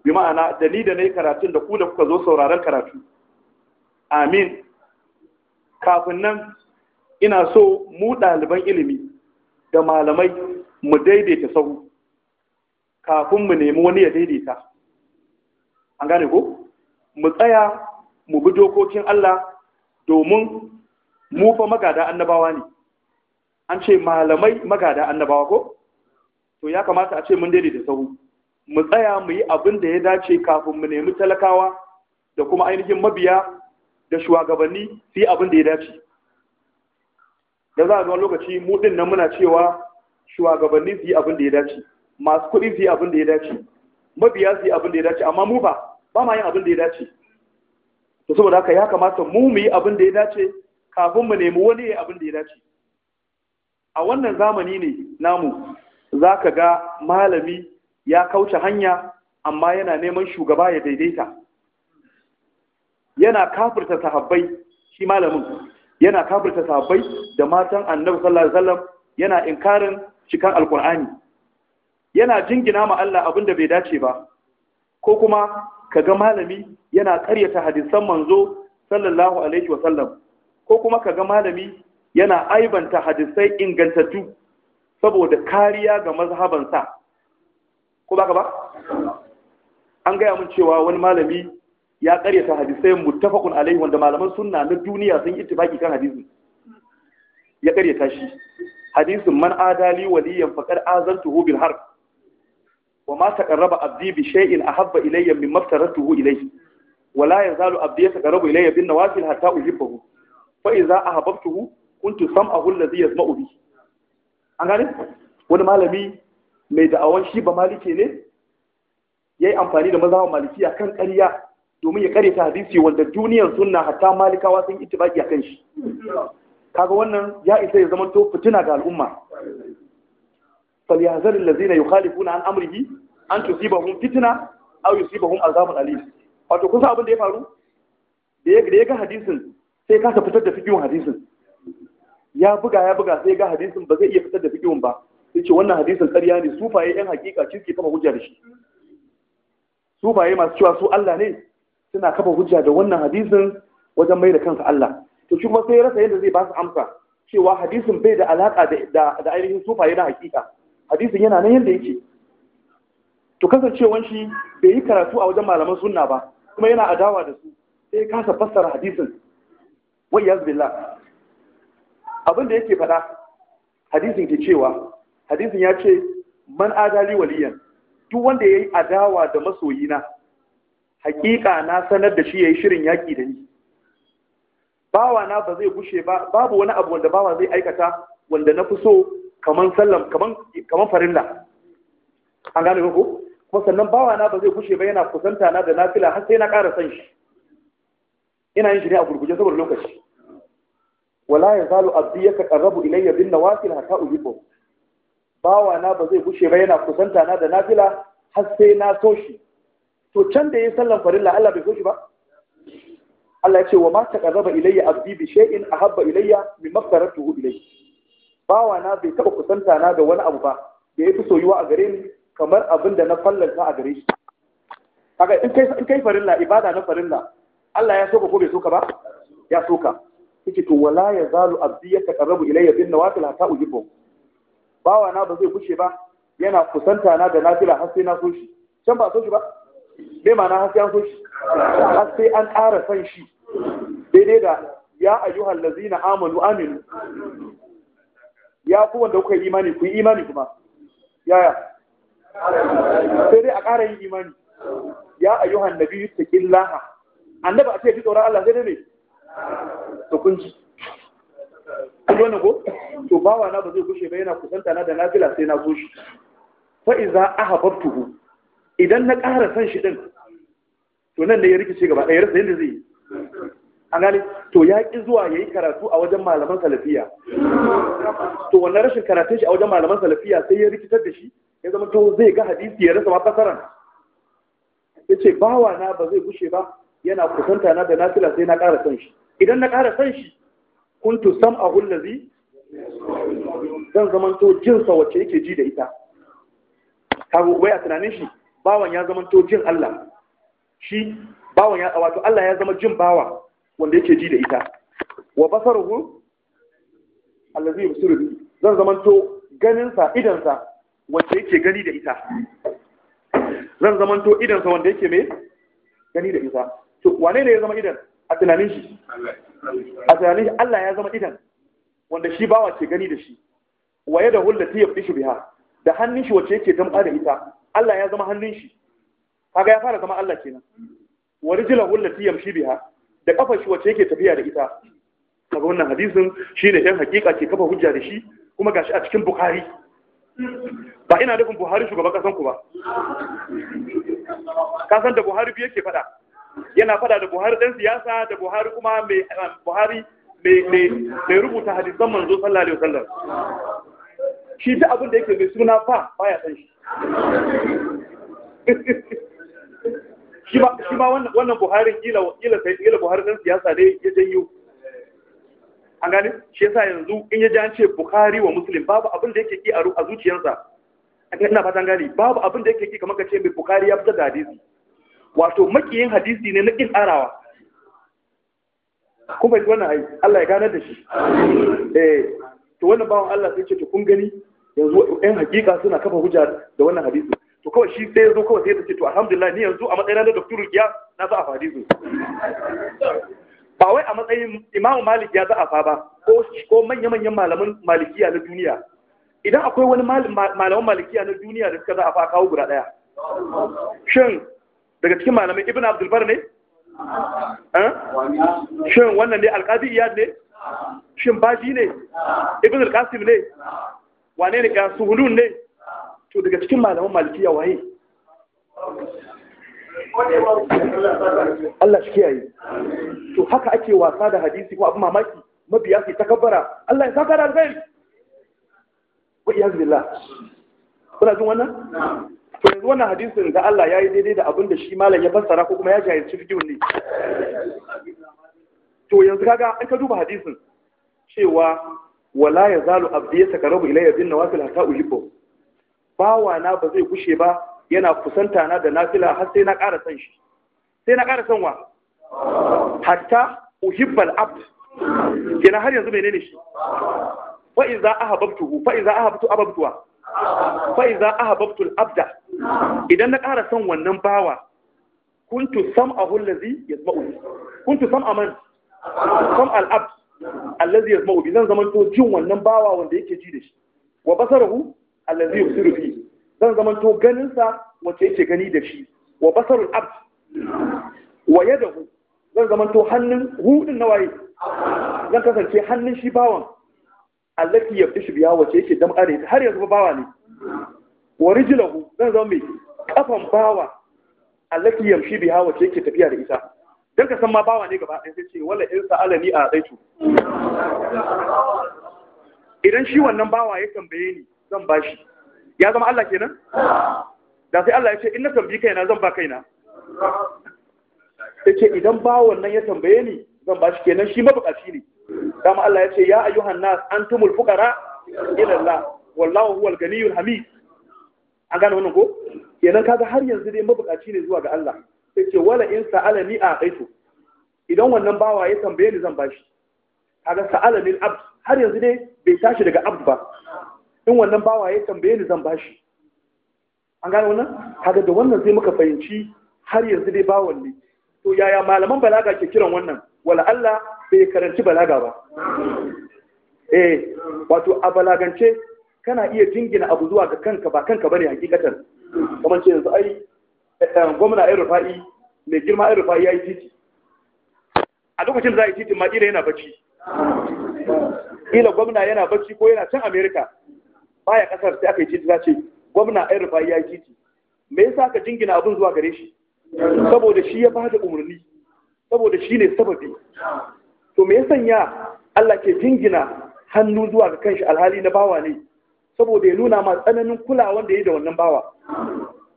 bi ma'ana da ni da na yi karatun da ku da kuka zo sauraron karatu amin kafin nan ina so mu ɗaliban ilimi da malamai mu daidaita sahu kafin mu nemi wani ya daidaita an gane ko mu tsaya mu bi dokokin Allah domin mu fa magada annabawa ne an ce malamai magada annabawa ko to ya kamata a ce mun daidaita sahu mu tsaya mu yi abin da ya dace kafin mu nemi talakawa da kuma ainihin mabiya da shugabanni su yi abin da ya dace da za a zuwa lokaci mu din nan muna cewa shugabanni su yi abin da ya dace masu kuɗi su yi abin da ya dace mabiya su yi abin da ya dace amma mu ba ba ma yin abin da ya dace to saboda haka ya kamata mu mu yi abin da ya dace kafin mu nemi wani yayi abin da ya dace a wannan zamani ne namu za ka ga malami ya kauce hanya amma yana neman shugaba ya daidaita yana kafirta sahabbai shi malamin yana kafirta sahabbai da matan annabi sallallahu alaihi wasallam yana inkarin cikan alkur'ani yana jingina ma Allah abinda bai dace ba ko kuma kaga malami yana karyata hadisan manzo sallallahu alaihi wasallam ko kuma kaga malami yana aibanta hadisai ingantattu saboda kariya ga mazhabansa ko ka ba an gaya mun cewa wani malami ya karyata hadisai muttafaqun alaihi wanda malaman sunna na duniya sun ittifaki kan hadisin ya karyata shi hadisin man adali waliyan faqad azantuhu bil harb wa ma taqarraba abdi bi shay'in ahabba ilayya maftarar aftaratuhu ilayhi wa la yazalu abdi yataqarrabu ilayya bin nawafil hatta uhibbahu fa idza ahabbtuhu kuntu sam'ahu alladhi yasma'u bi an gane wani malami mai da'awan shi ba malike ne yayi amfani da mazhaban malikiya kan ƙarya domin ya kare ta hadisi wanda duniyar sunna hatta malikawa sun ittifaki akan shi kaga wannan ya isa ya zama to fitina ga al'umma falyahzar allazina yukhalifuna an amrihi an tusibahum fitna aw yusibahum azabun alim wato kusa abin da ya faru da ya ga hadisin sai ka fitar da fikihun hadisin ya buga ya buga sai ga hadisin ba zai iya fitar da fikihun ba sai ce wannan hadisin ƙarya ne sufaye yan hakika cikin suke kama hujja da shi sufaye masu cewa su Allah ne suna kafa hujja da wannan hadisin wajen mai da kansa Allah to shi kuma sai ya rasa yadda zai ba su amsa cewa hadisin bai da alaka da ainihin sufaye na hakika hadisin yana nan yadda yake to kasancewan shi bai yi karatu a wajen malaman sunna ba kuma yana adawa da su sai ya kasa fassara hadisin wai yaz abin da yake faɗa hadisin ke cewa hadisin ya ce man adali waliyan duk wanda ya yi adawa da masoyina hakika na sanar da shi ya yi shirin yaƙi da ni bawa na ba zai gushe ba babu wani abu wanda bawa zai aikata wanda na fi so kaman sallam kaman farilla an gane ko kuma sannan bawa na ba zai gushe ba yana kusanta na da nafila har sai na ƙara san shi ina yin shi ne a gurguje saboda lokaci wala ya zalu abdi ya taqarrabu ilayya bin nawafil hatta uhibbu bawa na ba zai gushe ba yana kusanta na da nafila har sai na so shi to can da yayi sallan farilla Allah bai so shi ba Allah ya ce wa ma taqarraba ilayya abdi bi shay'in ahabba ilayya min faratuhu ilayya bawa na bai taba kusanta na da wani abu ba da yafi soyuwa a gare ni kamar abin da na fallanta a gare shi kaga in kai in kai farilla ibada na farilla Allah ya soka ko bai soka ba ya soka kike to wala yazalu abdi yataqarrabu ilayya bin nawafil hatta ujibu bawa na ba zai kushe ba yana kusanta na da nafila har sai na so shi can ba so shi ba me ma'ana na sai an so shi sai an ƙara son shi daidai da ya hallazi lazina amalu aminu ya ku wanda kuka yi imani ku yi imani kuma yaya sai dai a ƙara yin imani ya ayyuhan nabiyyu taqillaha annabi a ce ji tsoron Allah sai dai ne to kun ji kun wannan ko to bawa na ba zai gushe ba yana kusanta na da nafila sai na gushi a iza tuhu. idan na ƙara san shi ɗin to nan da ya rikice gaba ɗaya rasa yadda zai yi an gane to ya ƙi zuwa ya yi karatu a wajen malaman salafiya to wannan rashin karatun shi a wajen malaman salafiya sai ya rikitar da shi ya zama to zai ga hadisi ya rasa ma fasaran ya ce bawa na ba zai gushe ba yana kusanta na da nasila sai na ƙara san shi idan na ƙara san shi kuntu sam a hullazi zan zamanto jinsa wacce yake ji da ita kago bai a tunanin shi bawan ya zama to jin Allah shi bawan ya wato Allah ya zama jin bawa wanda yake ji da ita wa basaruhu allazi yubsiru bi zan zama to ganin sa idan sa wanda yake gani da ita zan zama to idan sa wanda yake me gani da ita to wane ne ya zama idan a tunanin shi a tunanin shi Allah ya zama idan wanda shi bawa ke gani da shi waye da hullati shi biha da hannun shi wacce yake damƙa da ita Allah ya zama hannun shi kaga ya fara zama Allah kenan wa rijlahu allati yamshi biya. da kafar shi wacce yake tafiya da ita kaga wannan hadisin ne yan hakika ke kafa hujja da shi kuma gashi a cikin Bukhari ba ina nufin Buhari shugaban kasan ku ba kasan da Buhari biye ke fada yana fada da Buhari dan siyasa da Buhari kuma mai Buhari mai rubuta hadisan manzo sallallahu alaihi wasallam shi ta abin da yake mai suna ba baya san shi shi ba wannan buhari kila kila sai kila buhari dan siyasa ne ya janyo an gane shi yasa yanzu in ya ji an ce bukhari wa muslim babu abin da yake ki a zuciyarsa ina fatan gane babu abin da yake ki kamar ka ce mai bukhari ya fita da hadisi wato makiyin hadisi ne na kin arawa kuma wannan ai Allah ya ganar da shi eh to wannan bawan Allah sai ce to kun gani yanzu ɗan hakika suna kafa hujja da wannan hadisi to kawai shi sai yazo kawai sai ta ce to alhamdulillah ni yanzu a matsayin da doktorul ya na za a hadisi ba wai a matsayin imamu malik ya za a fa ba ko manya-manyan malaman malikiya na duniya idan akwai wani malaman malikiya na duniya da suka za a fa kawo guda ɗaya shin daga cikin malamai ibn Abdul bar ne shin wannan ne alkazi iyad ne shin ne ibn al-qasim ne wane ne kasu hulun ne to daga cikin malaman malikiya waye Allah shi kiyaye to haka ake wasa da hadisi ko abu mamaki mabiya su takabbara Allah ya saka da alkhairi wa iyaz kuna jin wannan to yanzu wannan hadisin da Allah ya yi daidai da abin da shi malam ya fassara ko kuma ya jahilci fikihu ne to yanzu kaga an ka duba hadisin cewa wala ya zalu abdi ya takarabu ilayya bin nawafil hatta uhibbu bawa na ba zai gushe ba yana kusanta na da nafila har sai na ƙara san shi sai na ƙara san wa hatta uhibbal abd kenan har yanzu menene shi fa iza ahabbtuhu fa iza ahabbtu ababbtuwa fa iza ahabbtu al-abda idan na ƙara san wannan bawa kuntu sam'ahu allazi yasma'u kuntu sam'a man kun al’ab allazi ya bi zan zaman to jin wannan bawa wanda yake ji da shi wa basarahu allazi yusiru fi zan zaman to ganin sa wace yake gani da shi wa basarul abd wa yadahu zan zaman to hannun na nawaye zan kasance hannun shi bawan ya fishi biya wace yake damƙare har yanzu bawa ne wa rijlahu zan zama mai kafan bawa ya yamshi biya wace yake tafiya da ita Don ka san ma bawa ne gaba ɗaya sai ce wala in ni a daitu idan shi wannan bawa ya tambaye ni zan ba shi. ya zama Allah kenan da sai Allah ya ce in na tambi kaina zan ba kaina ce idan bawan nan ya tambaye ni zan ba shi kenan shi mabukaci ne dama Allah ya ce ya ayyuhan nas antumul fuqara ila Allah wallahu huwal ganiyul hamid an gane wannan ko kenan kaga har yanzu dai mabukaci ne zuwa ga Allah sai ce wala in sa'ala ni a aitu idan wannan bawa ya tambaye ni zan bashi kaga sa'ala lil abd har yanzu dai bai tashi daga abd ba in wannan bawa ya tambaye ni zan bashi an gane wannan kaga da wannan sai muka fahimci har yanzu dai bawon ne to yaya malaman balaga ke kiran wannan wala Allah bai karanci balaga ba eh wato a balagance kana iya jingina abu zuwa ga kanka ba kanka bane hakikatan kamar ce yanzu ai Eh, gwamna ɗan rufa'i mai girma ɗan rufa'i ya yi titi a lokacin za a yi titin ma yana bacci ƙila gwamna yana bacci ko yana can amerika baya ƙasar sai aka yi titi za ce gwamna ɗan rufa'i ya yi titi me yasa ka jingina abin zuwa gare shi saboda shi ya bada umarni saboda shi ne sababi to me ya sanya Allah ke jingina hannu zuwa ga kanshi alhali na bawa ne saboda ya nuna ma tsananin kulawan da ya da wannan bawa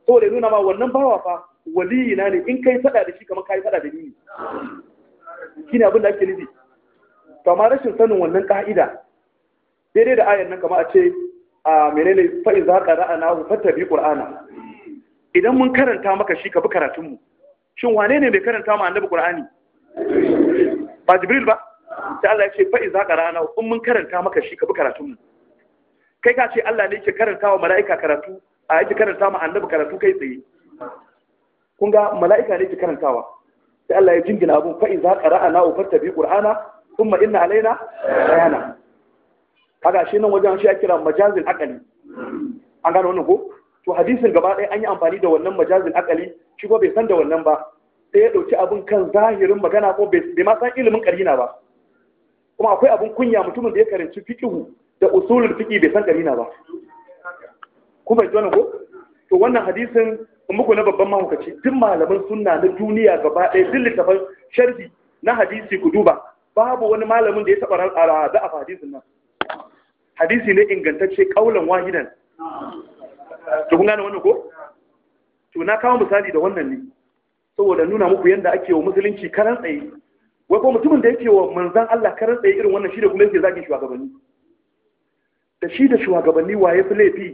saboda nuna ma wannan bawa fa waliyi na ne in kai fada da shi kamar kai fada da ni Kina abin da ake nufi to amma rashin sanin wannan ka'ida daidai da ayan nan kamar a ce a menene fa iza qara'ana fattabi qur'ana idan mun karanta maka shi ka bi karatun mu, shin wane ne mai karanta ma annabi qur'ani ba jibril ba sai Allah ya ce fa iza qara'ana in mun karanta maka shi ka bi karatun mu. kai ka ce Allah ne yake karantawa mala'ika karatu a yake karanta ma annabi karatu kai tsaye kun ga mala'ika ne ke karantawa sai Allah ya jingina abun fa iza qara'ana wa bi qur'ana thumma inna alaina bayana kaga shi nan wajen shi ya kira majazil aqali an gano wannan ko to hadisin gaba ɗaya an yi amfani da wannan majazil aqali shi ko bai san da wannan ba sai ya dauki abun kan zahirin magana ko bai ma san ilimin karina ba kuma akwai abun kunya mutumin da ya karanci fiqhu da usulul fiqi bai san karina ba ku bai wannan ko to wannan hadisin in muku na babban mahaukaci duk malaman sunna na duniya gaba ɗaya duk littafan sharhi na hadisi ku duba babu wani malamin da ya taɓa da a hadisin nan hadisi ne ingantacce kaulan wahidan to kun gane wannan ko to na kawo misali da wannan ne saboda nuna muku yanda ake wa musulunci karan tsaye wai ko mutumin da yake wa manzan Allah karan tsaye irin wannan shi da kuma yake zagin shugabanni da shi da shugabanni waye fi laifi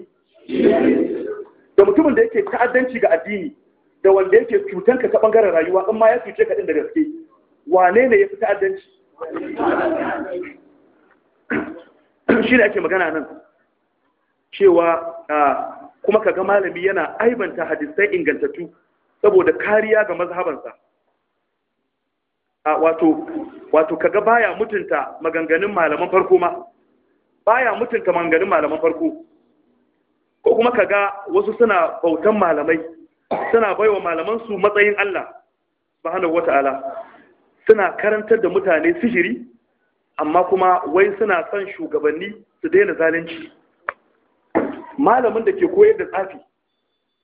da mutumin da yake ta'addanci ga addini da wanda yake cutan ka ta bangaren rayuwa in ma ya cuce ka din da gaske wane ne ya fi ta'addanci shi ne ake magana nan cewa kuma kaga malami yana aibanta hadisai ingantattu saboda kariya ga mazhabansa wato wato kaga baya mutunta maganganun malaman farko ma baya mutunta maganganun malaman farko kuma ka ga wasu suna bautan malamai suna baiwa malaman su matsayin Allah subhanahu wata'ala suna karantar da mutane sihiri amma kuma wai suna son shugabanni su daina zalunci malamin da ke koyar da tsafi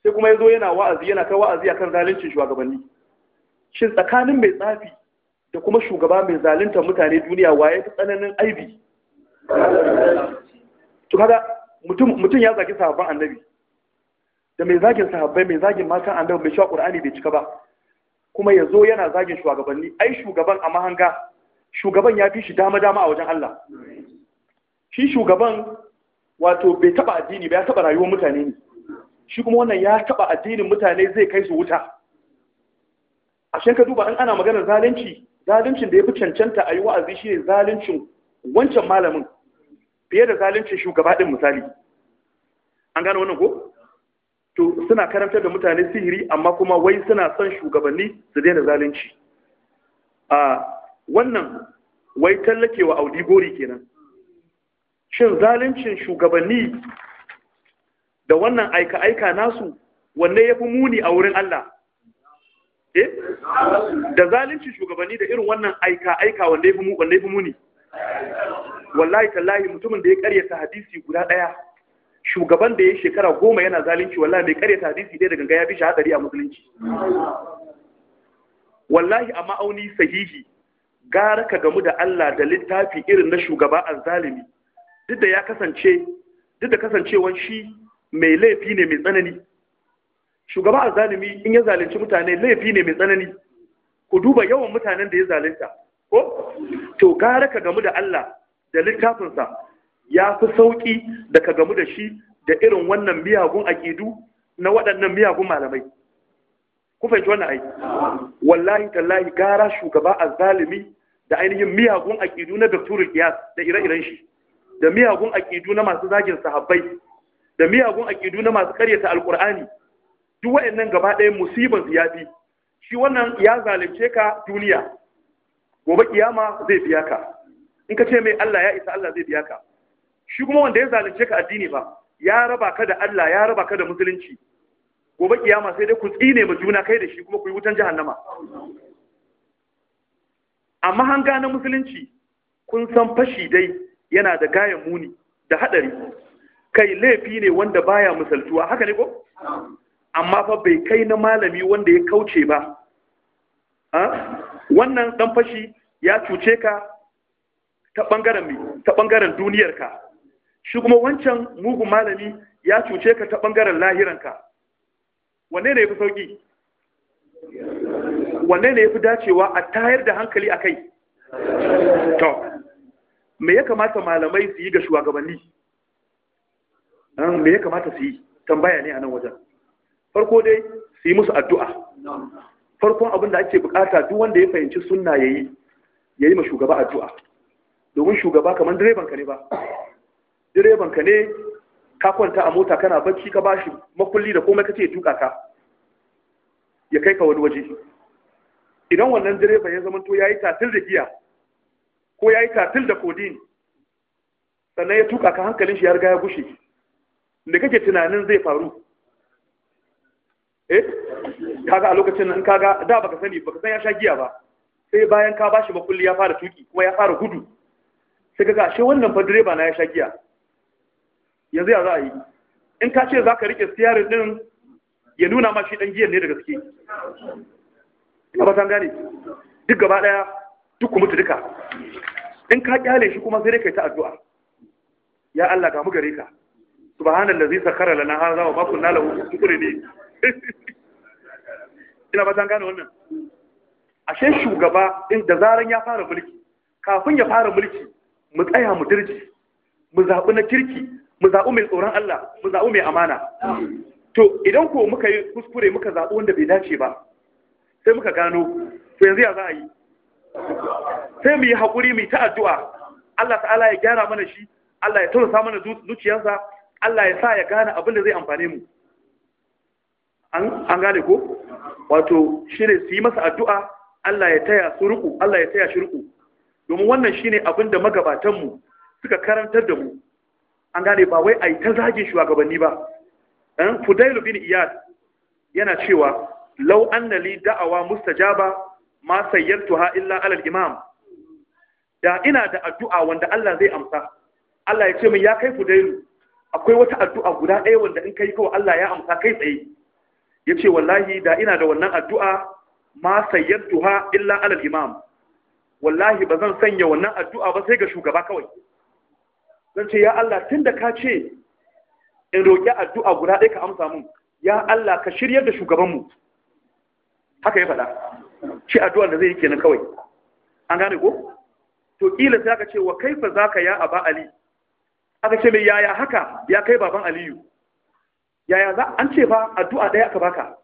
sai kuma ya zo yana wa'azi yana kai wa'azi akan zaluncin shugabanni shin tsakanin mai tsafi da kuma shugaba mai zaluntar mutane duniya waye fi tsananin aibi to kaga mutum ya zaki sahabban annabi da mai zagin sahabbai mai zagin matan annabi mai sha qur'ani bai cika ba kuma ya zo yana zagin shugabanni ai shugaban a mahanga shugaban ya fi shi dama dama a wajen Allah shi shugaban wato bai taba addini ba ya taba rayuwar mutane ne shi kuma wannan ya taba addinin mutane zai kai su wuta a shan ka duba in ana maganar zalunci zaluncin da ya fi cancanta a yi wa'azi shi ne zaluncin wancan malamin fiye da zalunci shugaba din misali an gane wannan ko to suna karantar da mutane sihiri amma kuma wai suna son shugabanni su daina zalunci a wannan wai tallakewa audi gori kenan shin zaluncin shugabanni da wannan aika-aika nasu wanne ya fi muni a wurin Allah eh da zaluncin shugabanni da irin wannan aika-aika wanda ya fi muni wallahi tallahi mutumin da ya karyata hadisi guda daya shugaban da ya shekara goma yana zalunci wallahi mai karyata hadisi ɗaya daga ya fi shi a musulunci wallahi a ma'auni sahihi gara ka gamu da Allah da littafi irin na shugaba azzalimi duk da ya kasance duk da kasancewan shi mai laifi ne mai tsanani shugaba azzalimi in ya zalunci mutane laifi ne mai tsanani ku duba yawan mutanen da ya zalunta ko to gara ka gamu da Allah da littafinsa ya fi sauƙi da ka gamu da shi da irin wannan miyagun aƙidu na waɗannan miyagun malamai ku fahimci wannan aiki wallahi tallahi gara shugaba a zalimi da ainihin miyagun aƙidu na doktorin kiyas da ire-iren shi da miyagun aƙidu na masu zagin sahabbai da miyagun aƙidu na masu karyata alƙur'ani duk waɗannan gaba ɗaya musibar su ya fi shi wannan ya zalunce ka duniya gobe kiyama zai biya ka in ka ce mai Allah ya isa Allah zai biya ka shi kuma wanda ya zalunce ka addini ba ya raba ka da Allah ya raba ka da musulunci gobe kiyama sai dai ku tsine ma juna kai da shi kuma ku yi wutan jahannama amma hanga na musulunci kun san fashi dai yana da gayan muni da hadari kai laifi ne wanda baya misaltuwa haka ne ko amma fa bai kai na malami wanda ya kauce ba ah? wannan dan fashi ya cuce ka ta bangaren mi ta bangaren duniyarka shi kuma wancan mugun malami ya cuce ka ta bangaren lahiranka wanne ne yafi sauki wanne ne yafi dacewa a tayar da hankali a kai to me ya kamata malamai su yi ga shugabanni me ya kamata su yi tambaya ne a nan wajen farko dai su yi musu addu'a farkon abin da ake bukata duk wanda ya fahimci sunna yayi yi ma shugaba addu'a domin shugaba kamar direban ka ne ba direban ka ne ka kwanta a mota kana bacci ka bashi makulli da komai kace ya tuka ka ya kai ka wani waje idan wannan direba ya zama to yayi tatil da giya ko yayi tatil da codeine sannan ya tuka ka hankalin shi ya riga ya gushe da kake tunanin zai faru eh kaga a lokacin nan kaga da baka sani baka san ya sha giya ba sai bayan ka bashi makulli ya fara tuki kuma ya fara gudu sai ka ashe wannan fa direba na ya sha giya yanzu ya za a yi in ka ce za ka riƙe siyarin din ya nuna ma shi ɗan giyan ne da gaske ina ba gane duk gaba ɗaya duk mutu duka in ka kyale shi kuma sai dai kai ta addu'a ya Allah ga mu gare ka subhanallazi sakara lana hadha wa ma kunna lahu ne. ina ba gane wannan ashe shugaba da zaran ya fara mulki kafin ya fara mulki mu tsaya mu dirji mu zaɓi na kirki mu zaɓi mai tsoron Allah mu zaɓi mai amana to idan ko muka yi kuskure muka zaɓi wanda bai dace ba sai muka gano to yanzu ya za a yi sai mu yi haƙuri mu yi ta addu'a Allah ta'ala ya gyara mana shi Allah ya tausa mana zuciyarsa Allah ya sa ya gane abin da zai amfane mu an gane ko wato shine su yi masa addu'a Allah ya taya su riƙu Allah ya taya shi domin wannan shine abin da magabatanmu suka karantar da mu an gane ba wai a yi ta zagin shugabanni ba ɗan fudailu bin iyad yana cewa lau annali li da'awa mustajaba ma tuha illa alal imam da ina da addu'a wanda Allah zai amsa Allah ya ce min ya kai fudailu akwai wata addu'a guda ɗaya wanda in kai kawai Allah ya amsa kai tsaye Ya ce wallahi da ina da wannan addu'a ma tuha illa alal imam wallahi ba zan sanya wannan addu'a ba sai ga shugaba kawai zan ce ya Allah tunda ka ce in roƙi addu'a guda ɗaya ka amsa mun ya Allah ka shiryar da shugabanmu haka ya faɗa shi addu'a da zai yi kenan kawai an gane ko to kila sai aka ce wa kaifa zaka ya aba ali aka ce mai yaya haka ya kai baban aliyu yaya za an ce fa addu'a ɗaya aka baka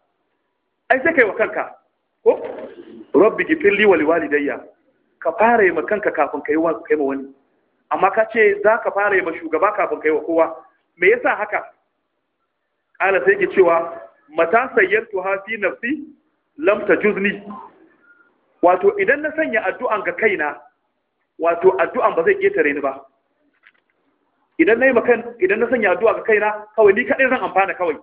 ai sai kai wa kanka ko rabbi gifirli wa liwalidayya ka fara yi kanka kafin ka yi wa kai ma wani amma ka ce za ka fara yi ma shugaba kafin ka yi wa kowa me yasa haka ala sai ke cewa mata sayyartu ha fi nafsi lam tajuzni wato idan na sanya addu'an ga kaina wato addu'an ba zai ketare ni ba idan nayi makan idan na sanya addu'a ga kaina kawai ni kadai zan amfana kawai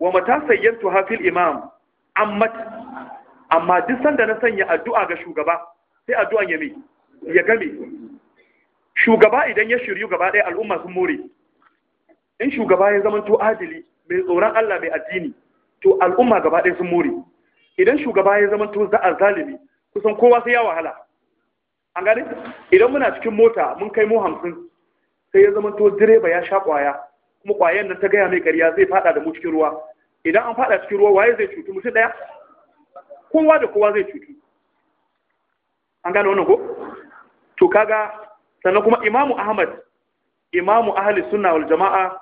wa mata sayyartu ha fil imam amma amma duk sanda na sanya addu'a ga shugaba sai addu'an ya mi ya game shugaba idan ya shiryu gaba ɗaya al'umma sun more in shugaba ya zama to adili mai tsoron Allah mai addini to al'umma gaba ɗaya sun more idan shugaba ya zama to za'a zalimi kusan kowa sai ya wahala an gane idan muna cikin mota mun kai mu hamsin sai ya zama to direba ya sha kwaya kuma kwayan nan ta gaya mai ƙarya zai fada da mu cikin ruwa idan an fada cikin ruwa waye zai cutu mutum ɗaya kowa da kowa zai cutu an gane wannan ko to kaga sannan kuma imamu ahmad imamu ahli sunna wal jama'a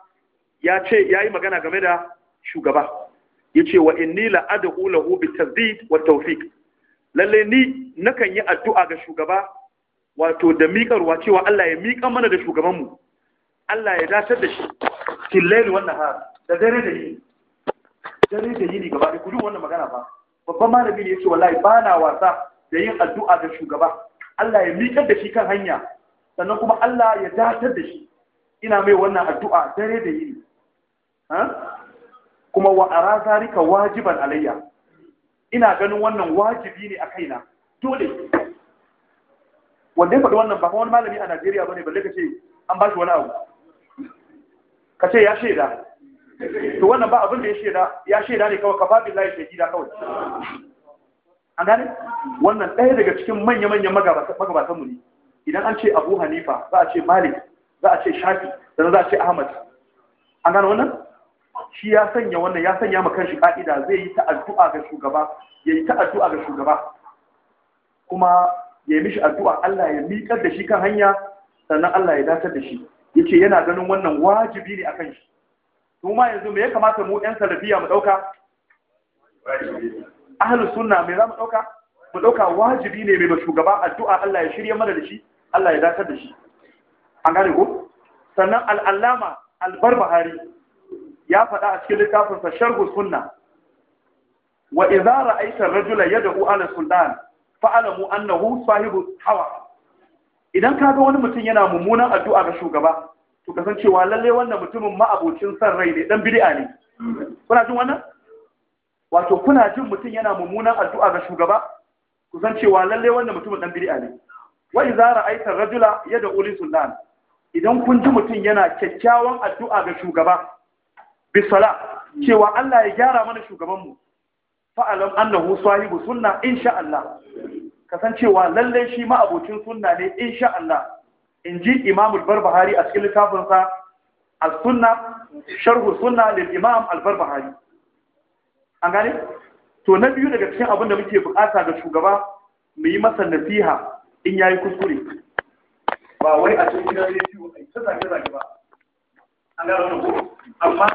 ya ce yayi magana game da shugaba yace wa inni la ad'u lahu bi tazdid wa tawfiq lalle ni nakan yi addu'a ga shugaba wato da miƙarwa cewa Allah ya miƙa mana da shugabanmu Allah ya datar da shi tillaili wannan har da dare da yi dare da ni gaba da kudin wannan magana ba babban malami ne yace wallahi ba na wasa da yin addu'a ga shugaba Allah ya miƙar da shi kan hanya sannan kuma Allah ya datar da shi ina mai wannan addu'a dare da yini kuma wa arazarika wajiban alayya ina ganin wannan wajibi ne a kaina dole wanda ya faɗi wannan ba wani malami a Najeriya bane balle kace ce an ba shi wani abu ka ce ya shaida to wannan ba abin da ya shaida ya sheda ne kawai ka faɗi layi shaida kawai an gane wannan ɗaya daga cikin manya-manyan magabatanmu ne idan an ce abu hanifa za a ce malik za a ce shafi da za a ce ahmad an gane wannan shi ya sanya wannan ya sanya ma kanshi ka'ida zai yi ta'addu'a ga shugaba ya yi ta'addu'a ga shugaba kuma ya yi mishi addu'a Allah ya miƙar da shi kan hanya sannan Allah ya datar da shi yake yana ganin wannan wajibi ne akan shi kuma yanzu me ya kamata mu 'yan salafiya mu ɗauka ahlu sunna me za mu ɗauka mu ɗauka wajibi ne mai shugaba addu'a Allah ya shirya mana da shi Allah ya datar da shi an gane ko sannan al'allama albarbahari ya faɗa a cikin littafinsa sharhu sunna wa idza ra'aita ar-rajula yad'u 'ala sultan fa'alamu annahu sahibu hawa idan ka ga wani mutum yana mummunan addu'a ga shugaba to kasancewa lalle wannan mutumin ma'abocin san rai ne dan bid'a ne kuna jin wannan wato kuna jin mutum yana mummunan addu'a ga shugaba ku san cewa lalle wannan mutumin dan bid'a ne wa idza ra'aita rajula yad'u uli sultan idan kun ji mutum yana kyakkyawan addu'a ga shugaba bi sala cewa Allah ya gyara mana shugaban mu fa alam annahu sahibu sunna insha Allah kasancewa lalle shi ma abocin sunna ne insha Allah Inji Imam al-Barbahari a cikin littafinsa as-sunna sharh sunna lil Imam al-Barbahari an gane to na biyu daga cikin abin da muke bukata ga shugaba mu yi masa nasiha in yayi kuskure ba wai a cikin gidan rediyo a yi ta zage-zage ba an gane wannan ko amma